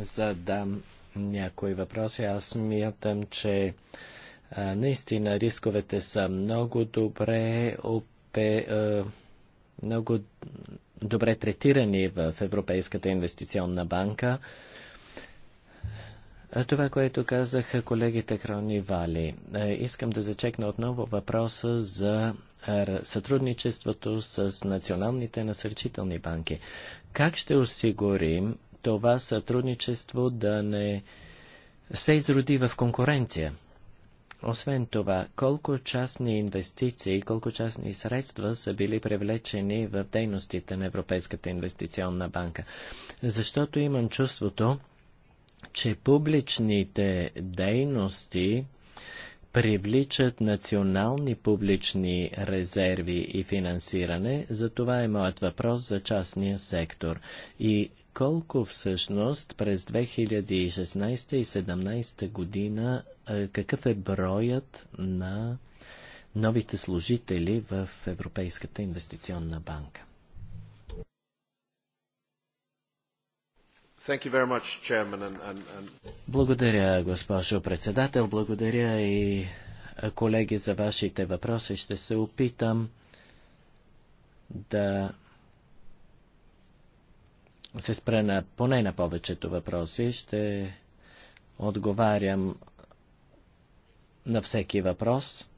задам някои въпроси. Аз смятам, че наистина рисковете са много добре опе, много добре третирани в Европейската инвестиционна банка. Това, което казаха колегите Крони Вали, искам да зачекна отново въпроса за сътрудничеството с националните насърчителни банки. Как ще осигурим това сътрудничество да не се изроди в конкуренция? Освен това, колко частни инвестиции, колко частни средства са били привлечени в дейностите на Европейската инвестиционна банка? Защото имам чувството, че публичните дейности привличат национални публични резерви и финансиране. За това е моят въпрос за частния сектор. И колко всъщност през 2016 и 2017 година, какъв е броят на новите служители в Европейската инвестиционна банка? Благодаря, госпожо председател. Благодаря и колеги за вашите въпроси. Ще се опитам да се спра на, поне на повечето въпроси. Ще отговарям на всеки въпрос.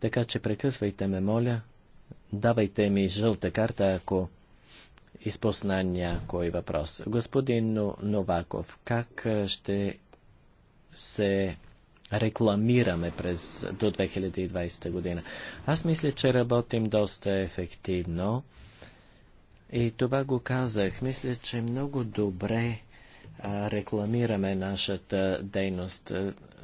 Така че прекъсвайте ме, моля. Давайте ми жълта карта, ако изпусна някой въпрос. Господин Новаков, как ще се рекламираме през до 2020 година. Аз мисля, че работим доста ефективно и това го казах. Мисля, че много добре а, рекламираме нашата дейност.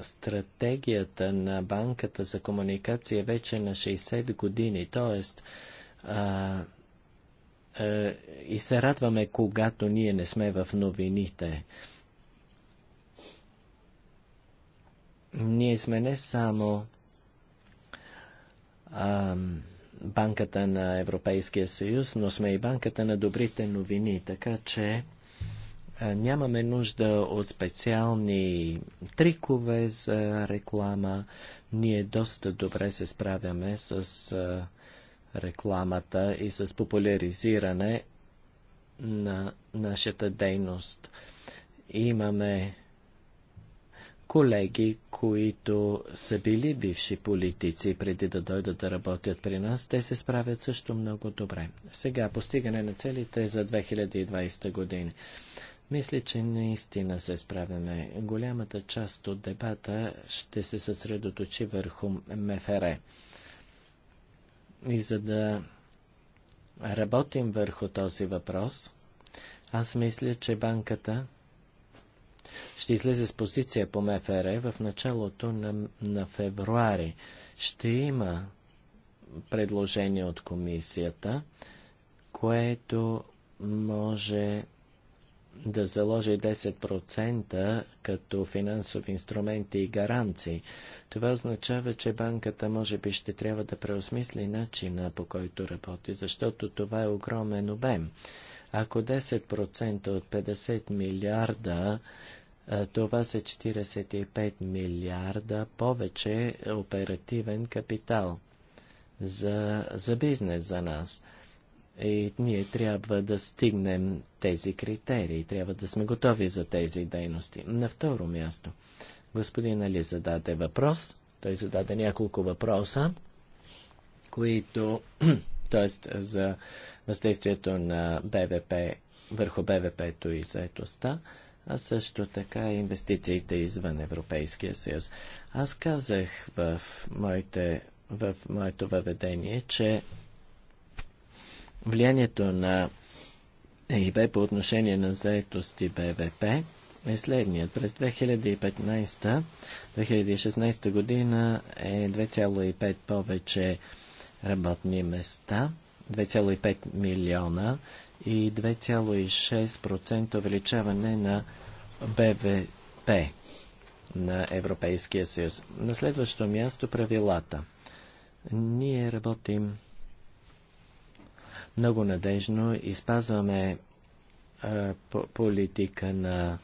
Стратегията на банката за комуникация е вече на 60 години, т.е е, и се радваме, когато ние не сме в новините. Ние сме не само а, банката на Европейския съюз, но сме и банката на добрите новини, така че а, е, нямаме нужда от специални трикове за реклама. Ние доста добре се справяме с а, е, рекламата и с популяризиране на нашата дейност. Имаме колеги, които са били бивши политици преди да дойдат да работят при нас, те се справят също много добре. Сега постигане на целите за 2020 година. Мисля, че наистина се справяме. Голямата част от дебата ще се съсредоточи върху МФР. И за да работим върху този въпрос, аз мисля, че банката ще излезе с позиция по МФР в началото на, на февруари. Ще има предложение от комисията, което може да заложи 10% като финансов инструмент и гаранции. Това означава, че банката може би ще трябва да преосмисли начина по който работи, защото това е огромен обем. Ако 10% от 50 милиарда това са 45 милиарда повече оперативен капитал за, за бизнес за нас. И е, ние трябва да стигнем тези критерии, трябва да сме готови за тези дейности. На второ място, господин Али зададе въпрос, той зададе няколко въпроса, които, *clears throat* т.е. за въздействието на БВП върху БВП-то и заетостта, а също така и инвестициите извън Европейския съюз. Аз казах в, моите, в моето въведение, че Влиянието на ЕИБ по отношение на заетост и БВП е следният. През 2015-2016 година е 2,5 повече работни места, 2,5 милиона и 2,6% увеличаване на БВП на Европейския съюз. На следващо място правилата. Ние работим много надежно и спазваме а, политика на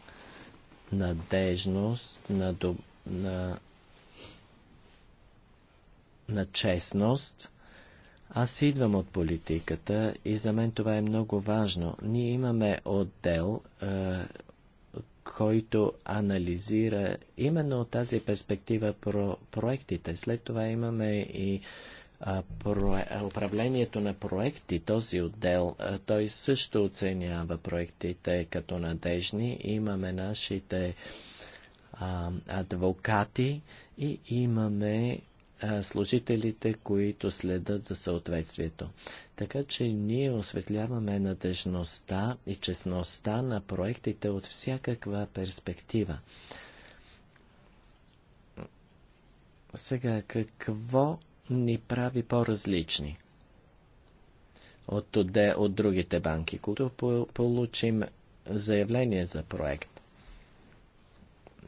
надежност, на, на, на честност. Аз идвам от политиката и за мен това е много важно. Ние имаме отдел, а, който анализира именно от тази перспектива про проектите. След това имаме и управлението на проекти, този отдел, той също оценява проектите като надежни. Имаме нашите а, адвокати и имаме служителите, които следят за съответствието. Така че ние осветляваме надежността и честността на проектите от всякаква перспектива. Сега, какво ни прави по-различни от, от другите банки, които получим заявление за проект.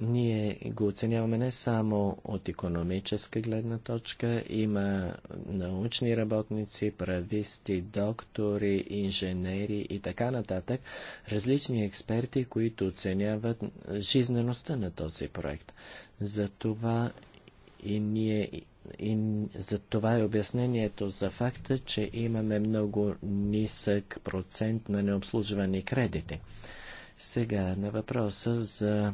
Ние го оценяваме не само от економическа гледна точка, има научни работници, прависти, доктори, инженери и така нататък, различни експерти, които оценяват жизнеността на този проект. Затова и ние и за това е обяснението за факта, че имаме много нисък процент на необслужвани кредити. Сега на въпроса за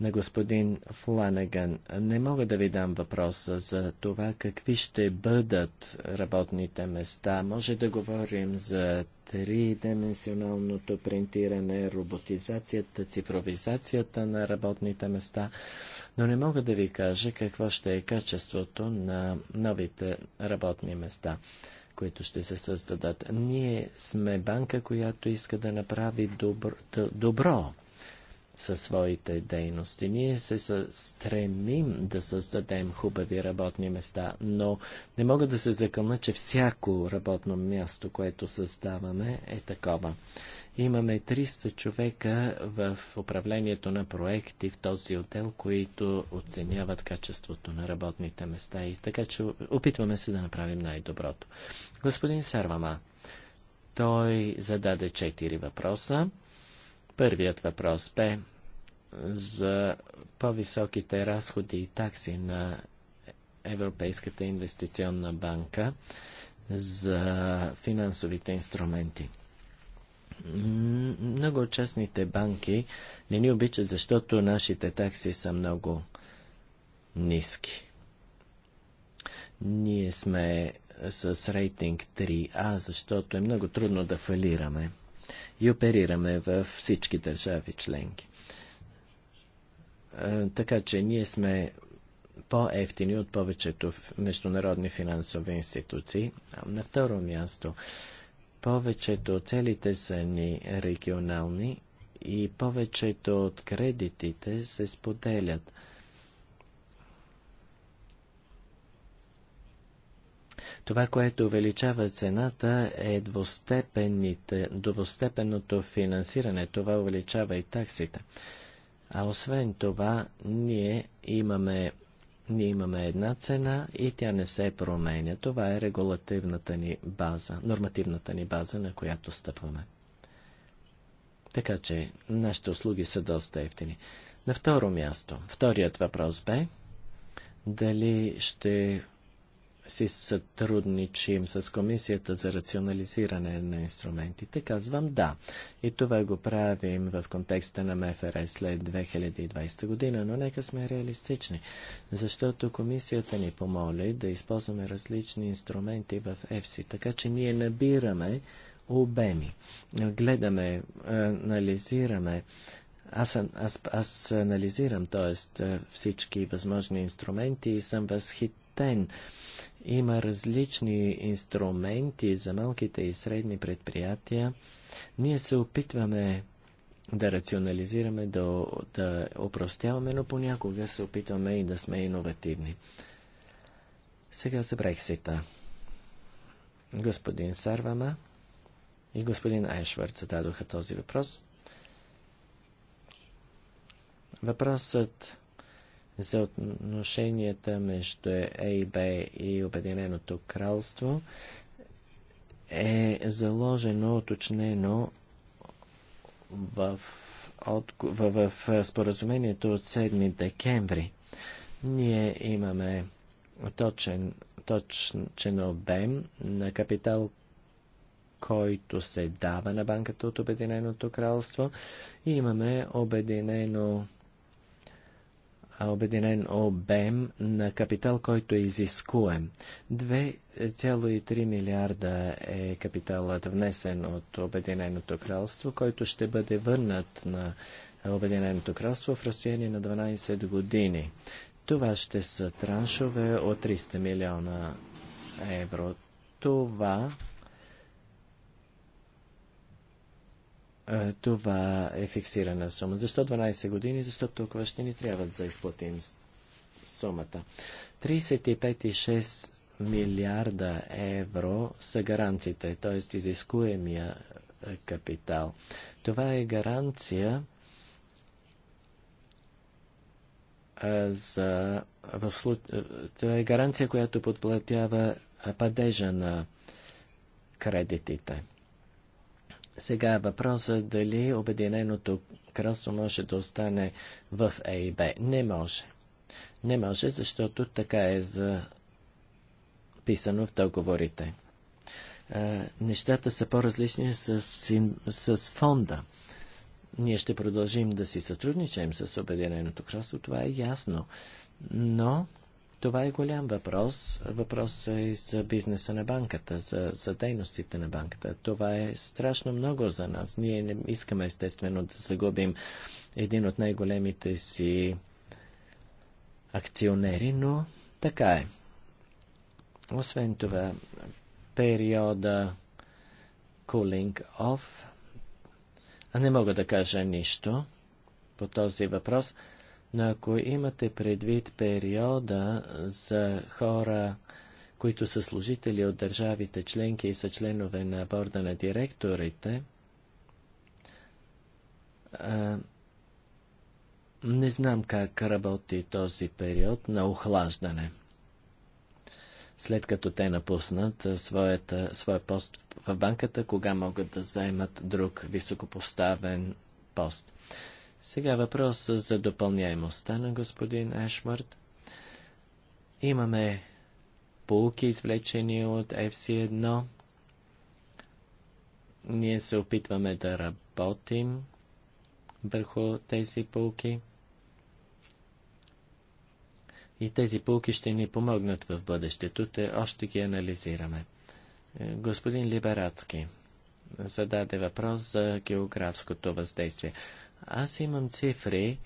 на господин Фланаган. Не мога да ви дам въпроса за това какви ще бъдат работните места. Може да говорим за тридименсионалното принтиране, роботизацията, цифровизацията на работните места но не мога да ви кажа какво ще е качеството на новите работни места, които ще се създадат. Ние сме банка, която иска да направи добро, добро със своите дейности. Ние се стремим да създадем хубави работни места, но не мога да се закълна, че всяко работно място, което създаваме, е такова. Имаме 300 човека в управлението на проекти в този отдел, които оценяват качеството на работните места и така, че опитваме се да направим най-доброто. Господин Сарвама, той зададе 4 въпроса. Първият въпрос бе за по-високите разходи и такси на Европейската инвестиционна банка за финансовите инструменти. Много от частните банки не ни обичат, защото нашите такси са много ниски. Ние сме с рейтинг 3А, защото е много трудно да фалираме и оперираме във всички държави членки. Е, така че ние сме по-ефтини от повечето международни финансови институции. На второ място, повечето целите са ни регионални и повечето от кредитите се споделят. Това, което увеличава цената е двустепенното финансиране. Това увеличава и таксите. А освен това, ние имаме ние имаме една цена и тя не се променя. Това е регулативната ни база, нормативната ни база, на която стъпваме. Така че нашите услуги са доста ефтини. На второ място, вторият въпрос бе дали ще си сътрудничим с Комисията за рационализиране на инструментите, казвам да. И това го правим в контекста на МФР след 2020 година, но нека сме реалистични, защото Комисията ни помоли да използваме различни инструменти в ЕФСИ, така че ние набираме обеми. Гледаме, анализираме аз, аз, аз анализирам, т.е. всички възможни инструменти и съм възхит, платен. Има различни инструменти за малките и средни предприятия. Ние се опитваме да рационализираме, да, да опростяваме, но понякога се опитваме и да сме иновативни. Сега за Брексита. Господин Сарвама и господин Айшвард зададоха този въпрос. Въпросът за отношенията между ЕИБ и Обединеното кралство е заложено, уточнено в, от, в, в споразумението от 7 декември. Ние имаме точен, точен обем на капитал, който се дава на банката от Обединеното кралство и имаме обединено обединен обем на капитал, който е изискуем. 2,3 милиарда е капиталът внесен от Обединеното кралство, който ще бъде върнат на Обединеното кралство в разстояние на 12 години. Това ще са траншове от 300 милиона евро. Това това е фиксирана сума. Защо 12 години? Защото толкова ще ни трябват за изплатим сумата. 35,6 милиарда евро са гаранциите, т.е. изискуемия капитал. Това е гаранция за... В слу... Това е гаранция, която подплатява падежа на кредитите. Сега е въпроса дали Обединеното кралство може да остане в ЕИБ. Не може. Не може, защото така е записано в договорите. Е, нещата са по-различни с, с фонда. Ние ще продължим да си сътрудничаем с Обединеното кралство, това е ясно. Но това е голям въпрос. Въпрос е за бизнеса на банката, за, за дейностите на банката. Това е страшно много за нас. Ние не искаме естествено да загубим един от най-големите си акционери, но така е. Освен това, периода cooling off, а не мога да кажа нищо по този въпрос. Но ако имате предвид периода за хора, които са служители от държавите членки и са членове на борда на директорите, не знам как работи този период на охлаждане. След като те напуснат своята, своя пост в банката, кога могат да заемат друг високопоставен пост. Сега въпрос за допълняемостта на господин Ашмарт. Имаме полуки, извлечени от FC1. Ние се опитваме да работим върху тези полки. И тези полки ще ни помогнат в бъдещето. Те още ги анализираме. Е, господин Либерацки зададе въпрос за географското въздействие. Аз имам цифри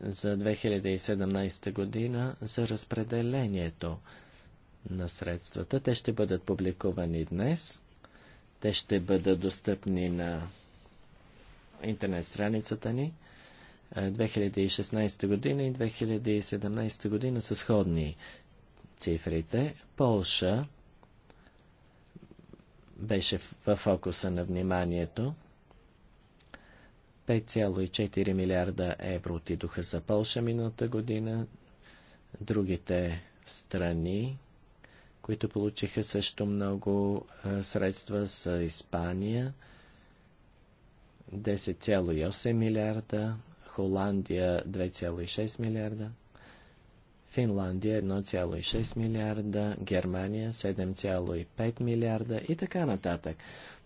за 2017 година за разпределението на средствата. Те ще бъдат публикувани днес. Те ще бъдат достъпни на интернет страницата ни. 2016 е, година и 2017 година са сходни цифрите. Полша беше в фокуса на вниманието. 5,4 милиарда евро отидоха за Пълша миналата година. Другите страни, които получиха също много средства, са Испания 10,8 милиарда, Холандия 2,6 милиарда. Финландия 1,6 милиарда, Германия 7,5 милиарда и така нататък.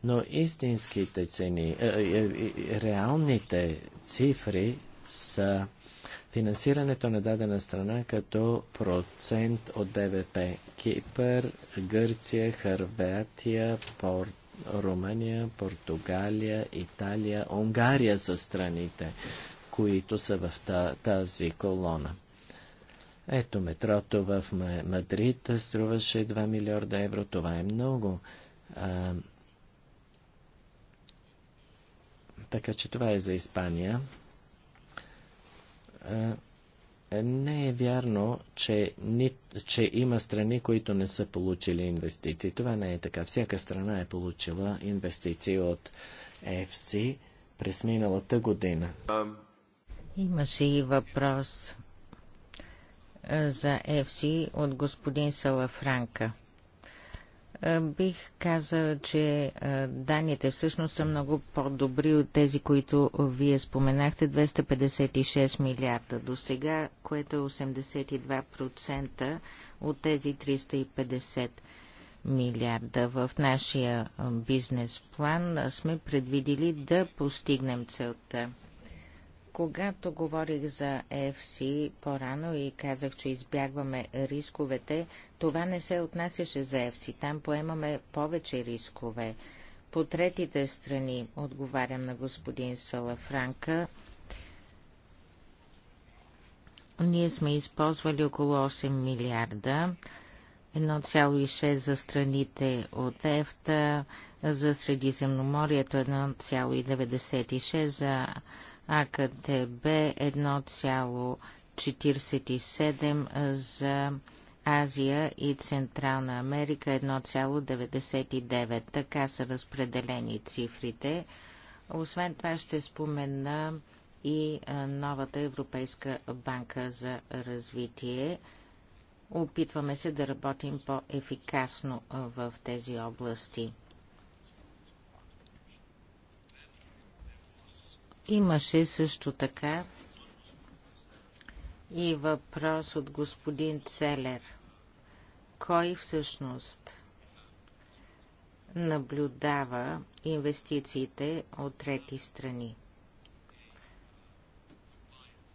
Но истинските цени, э, э, реалните цифри са финансирането на дадена страна като процент от БВП. Кипър, Гърция, Харватия, Пор... Румъния, Португалия, Италия, Унгария са страните, които са в тази колона. Ето метрото в Мадрид струваше 2 милиарда евро. Това е много. А, така че това е за Испания. А, не е вярно, че, ни, че има страни, които не са получили инвестиции. Това не е така. Всяка страна е получила инвестиции от ФСИ през миналата година. Имаше и въпрос за FC от господин Салафранка. Бих казал, че данните всъщност са много по-добри от тези, които вие споменахте. 256 милиарда до сега, което е 82% от тези 350 милиарда. В нашия бизнес план сме предвидили да постигнем целта когато говорих за FC по-рано и казах, че избягваме рисковете, това не се отнасяше за FC. Там поемаме повече рискове. По третите страни, отговарям на господин Салафранка, ние сме използвали около 8 милиарда, 1,6 за страните от ЕФТА, за Средиземноморието 1,96 за АКТБ 1,47 за Азия и Централна Америка 1,99. Така са разпределени цифрите. Освен това ще спомена и новата Европейска банка за развитие. Опитваме се да работим по-ефикасно в тези области. Имаше също така и въпрос от господин Целер. Кой всъщност наблюдава инвестициите от трети страни?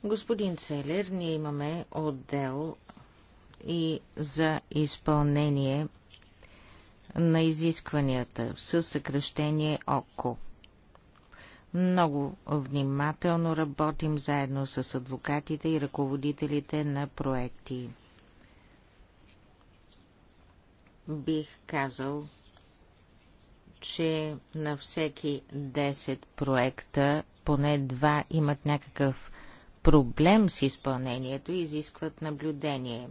Господин Целер, ние имаме отдел и за изпълнение на изискванията с съкръщение ОКО – много внимателно работим заедно с адвокатите и ръководителите на проекти. Бих казал, че на всеки 10 проекта поне два имат някакъв проблем с изпълнението и изискват наблюдение,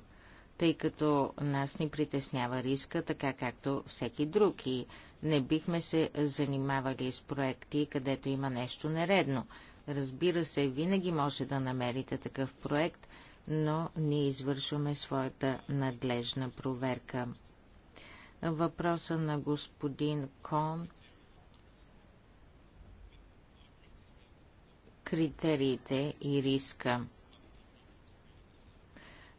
тъй като нас ни притеснява риска, така както всеки друг и не бихме се занимавали с проекти, където има нещо нередно. Разбира се, винаги може да намерите такъв проект, но ние извършваме своята надлежна проверка. Въпроса на господин Кон. Критериите и риска.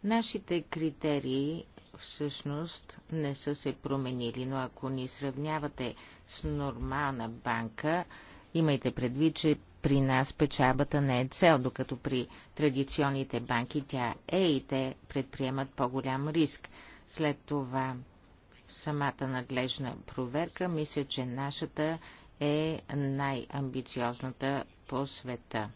Нашите критерии всъщност не са се променили, но ако ни сравнявате с нормална банка, имайте предвид, че при нас печалбата не е цел, докато при традиционните банки тя е и те предприемат по-голям риск. След това самата надлежна проверка, мисля, че нашата е най-амбициозната по света.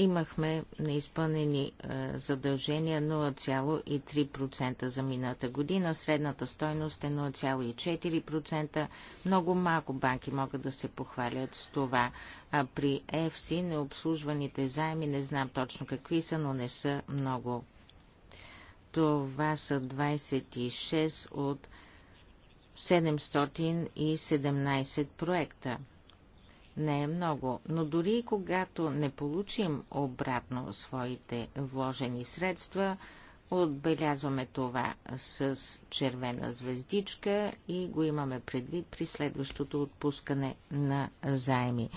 Имахме неизпълнени е, задължения 0,3% за мината година. Средната стойност е 0,4%. Много малко банки могат да се похвалят с това. А при EFSI необслужваните заеми не знам точно какви са, но не са много. Това са 26 от 717 проекта не е много, но дори и когато не получим обратно своите вложени средства, отбелязваме това с червена звездичка и го имаме предвид при следващото отпускане на заеми.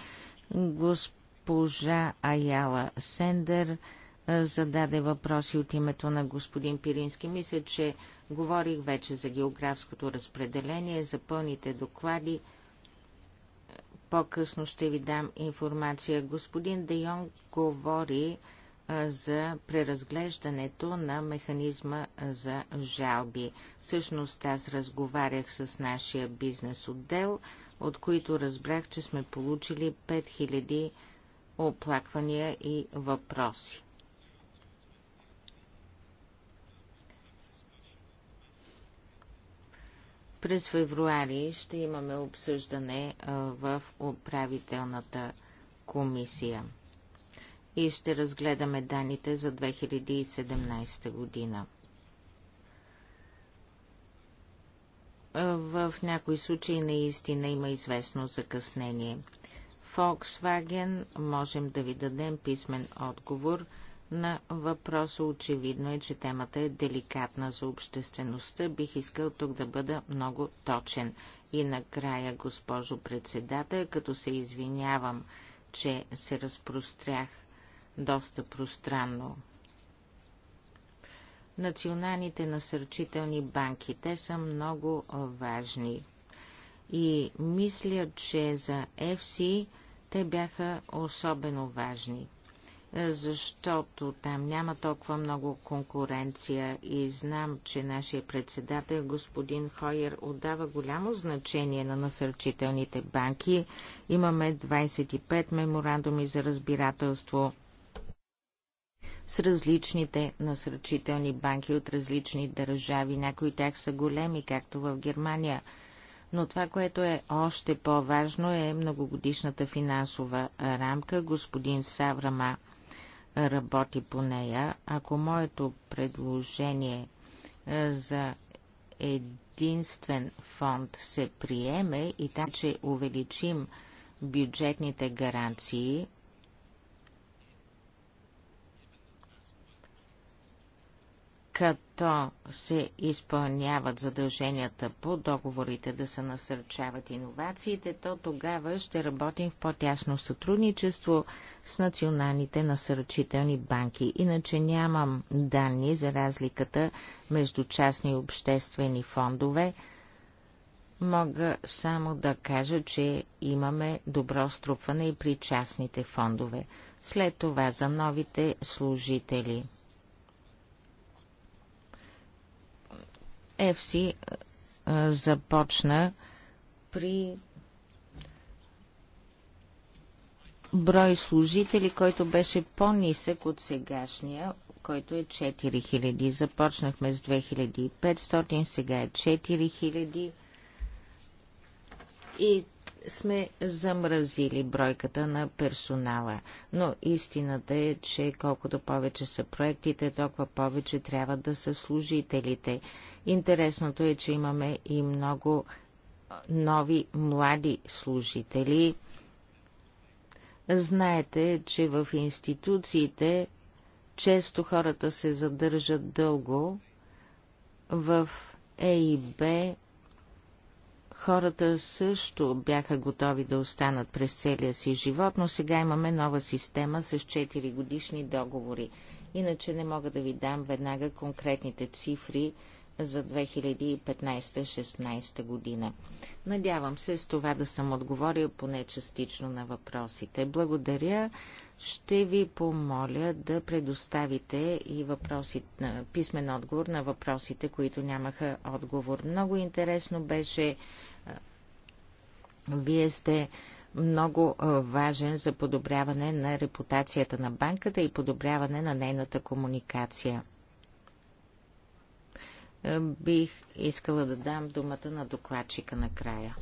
Госпожа Аяла Сендер зададе въпроси от името на господин Пирински. Мисля, че говорих вече за географското разпределение, за пълните доклади. По-късно ще ви дам информация. Господин Де Йонг говори за преразглеждането на механизма за жалби. Всъщност аз разговарях с нашия бизнес отдел, от които разбрах, че сме получили 5000 оплаквания и въпроси. През февруари ще имаме обсъждане в управителната комисия и ще разгледаме данните за 2017 година. В някои случаи наистина има известно закъснение. Volkswagen можем да ви дадем писмен отговор – на въпроса. Очевидно е, че темата е деликатна за обществеността. Бих искал тук да бъда много точен. И накрая, госпожо председател, като се извинявам, че се разпрострях доста пространно. Националните насърчителни банки, те са много важни. И мисля, че за ЕФСИ те бяха особено важни – защото там няма толкова много конкуренция и знам, че нашия председател господин Хойер отдава голямо значение на насърчителните банки. Имаме 25 меморандуми за разбирателство с различните насърчителни банки от различни държави. Някои тях са големи, както в Германия. Но това, което е още по-важно е многогодишната финансова рамка. Господин Саврама работи по нея. Ако моето предложение е, за единствен фонд се приеме и така че увеличим бюджетните гаранции, като се изпълняват задълженията по договорите да се насърчават иновациите, то тогава ще работим в по-тясно сътрудничество с националните насърчителни банки. Иначе нямам данни за разликата между частни и обществени фондове. Мога само да кажа, че имаме добро струпване и при частните фондове. След това за новите служители – ЕФСИ започна при брой служители, който беше по-нисък от сегашния, който е 4000. Започнахме с 2500, сега е 4000 и сме замразили бройката на персонала. Но истината е, че колкото повече са проектите, толкова повече трябва да са служителите. Интересното е, че имаме и много нови млади служители. Знаете, че в институциите често хората се задържат дълго. В Е и Б хората също бяха готови да останат през целия си живот, но сега имаме нова система с 4 годишни договори. Иначе не мога да ви дам веднага конкретните цифри за 2015-16 година. Надявам се с това да съм отговорил поне частично на въпросите. Благодаря. Ще ви помоля да предоставите и въпроси, писмен отговор на въпросите, които нямаха отговор. Много интересно беше. Вие сте много важен за подобряване на репутацията на банката и подобряване на нейната комуникация. Е, бих искала да дам думата на докладчика накрая.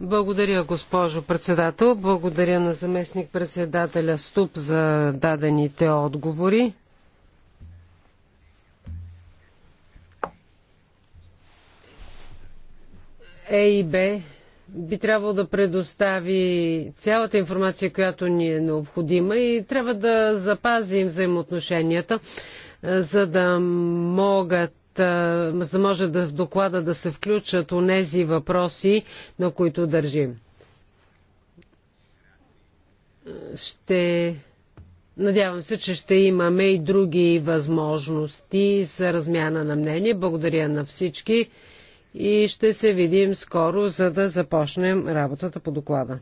Благодаря, госпожо председател. Благодаря на заместник председателя Ступ за дадените отговори. Е и би трябвало да предостави цялата информация, която ни е необходима и трябва да запазим взаимоотношенията, е, за да могат е, за да може да в доклада да се включат онези въпроси, на които държим. Ще Надявам се, че ще имаме и други възможности за размяна на мнение. Благодаря на всички и ще се видим скоро, за да започнем работата по доклада.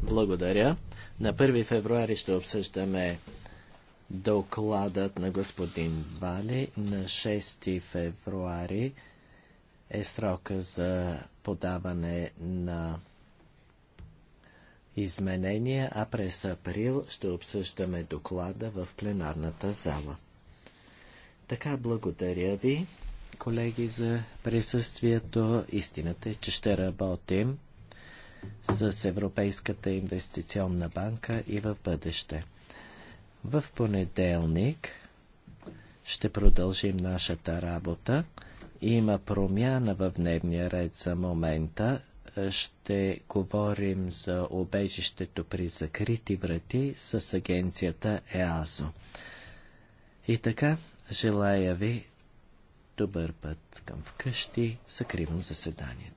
Благодаря. На 1 февруари ще обсъждаме докладът на господин Вали. На 6 февруари е срока за подаване на изменения, а през април ще обсъждаме доклада в пленарната зала. Така, благодаря ви, колеги, за присъствието. Истината е, че ще работим с Европейската инвестиционна банка и в бъдеще. В понеделник ще продължим нашата работа. Има промяна в дневния ред за момента. Ще говорим за обежището при закрити врати с агенцията ЕАЗО. И така, Желая ви добър път към вкъщи. Закривам заседанието.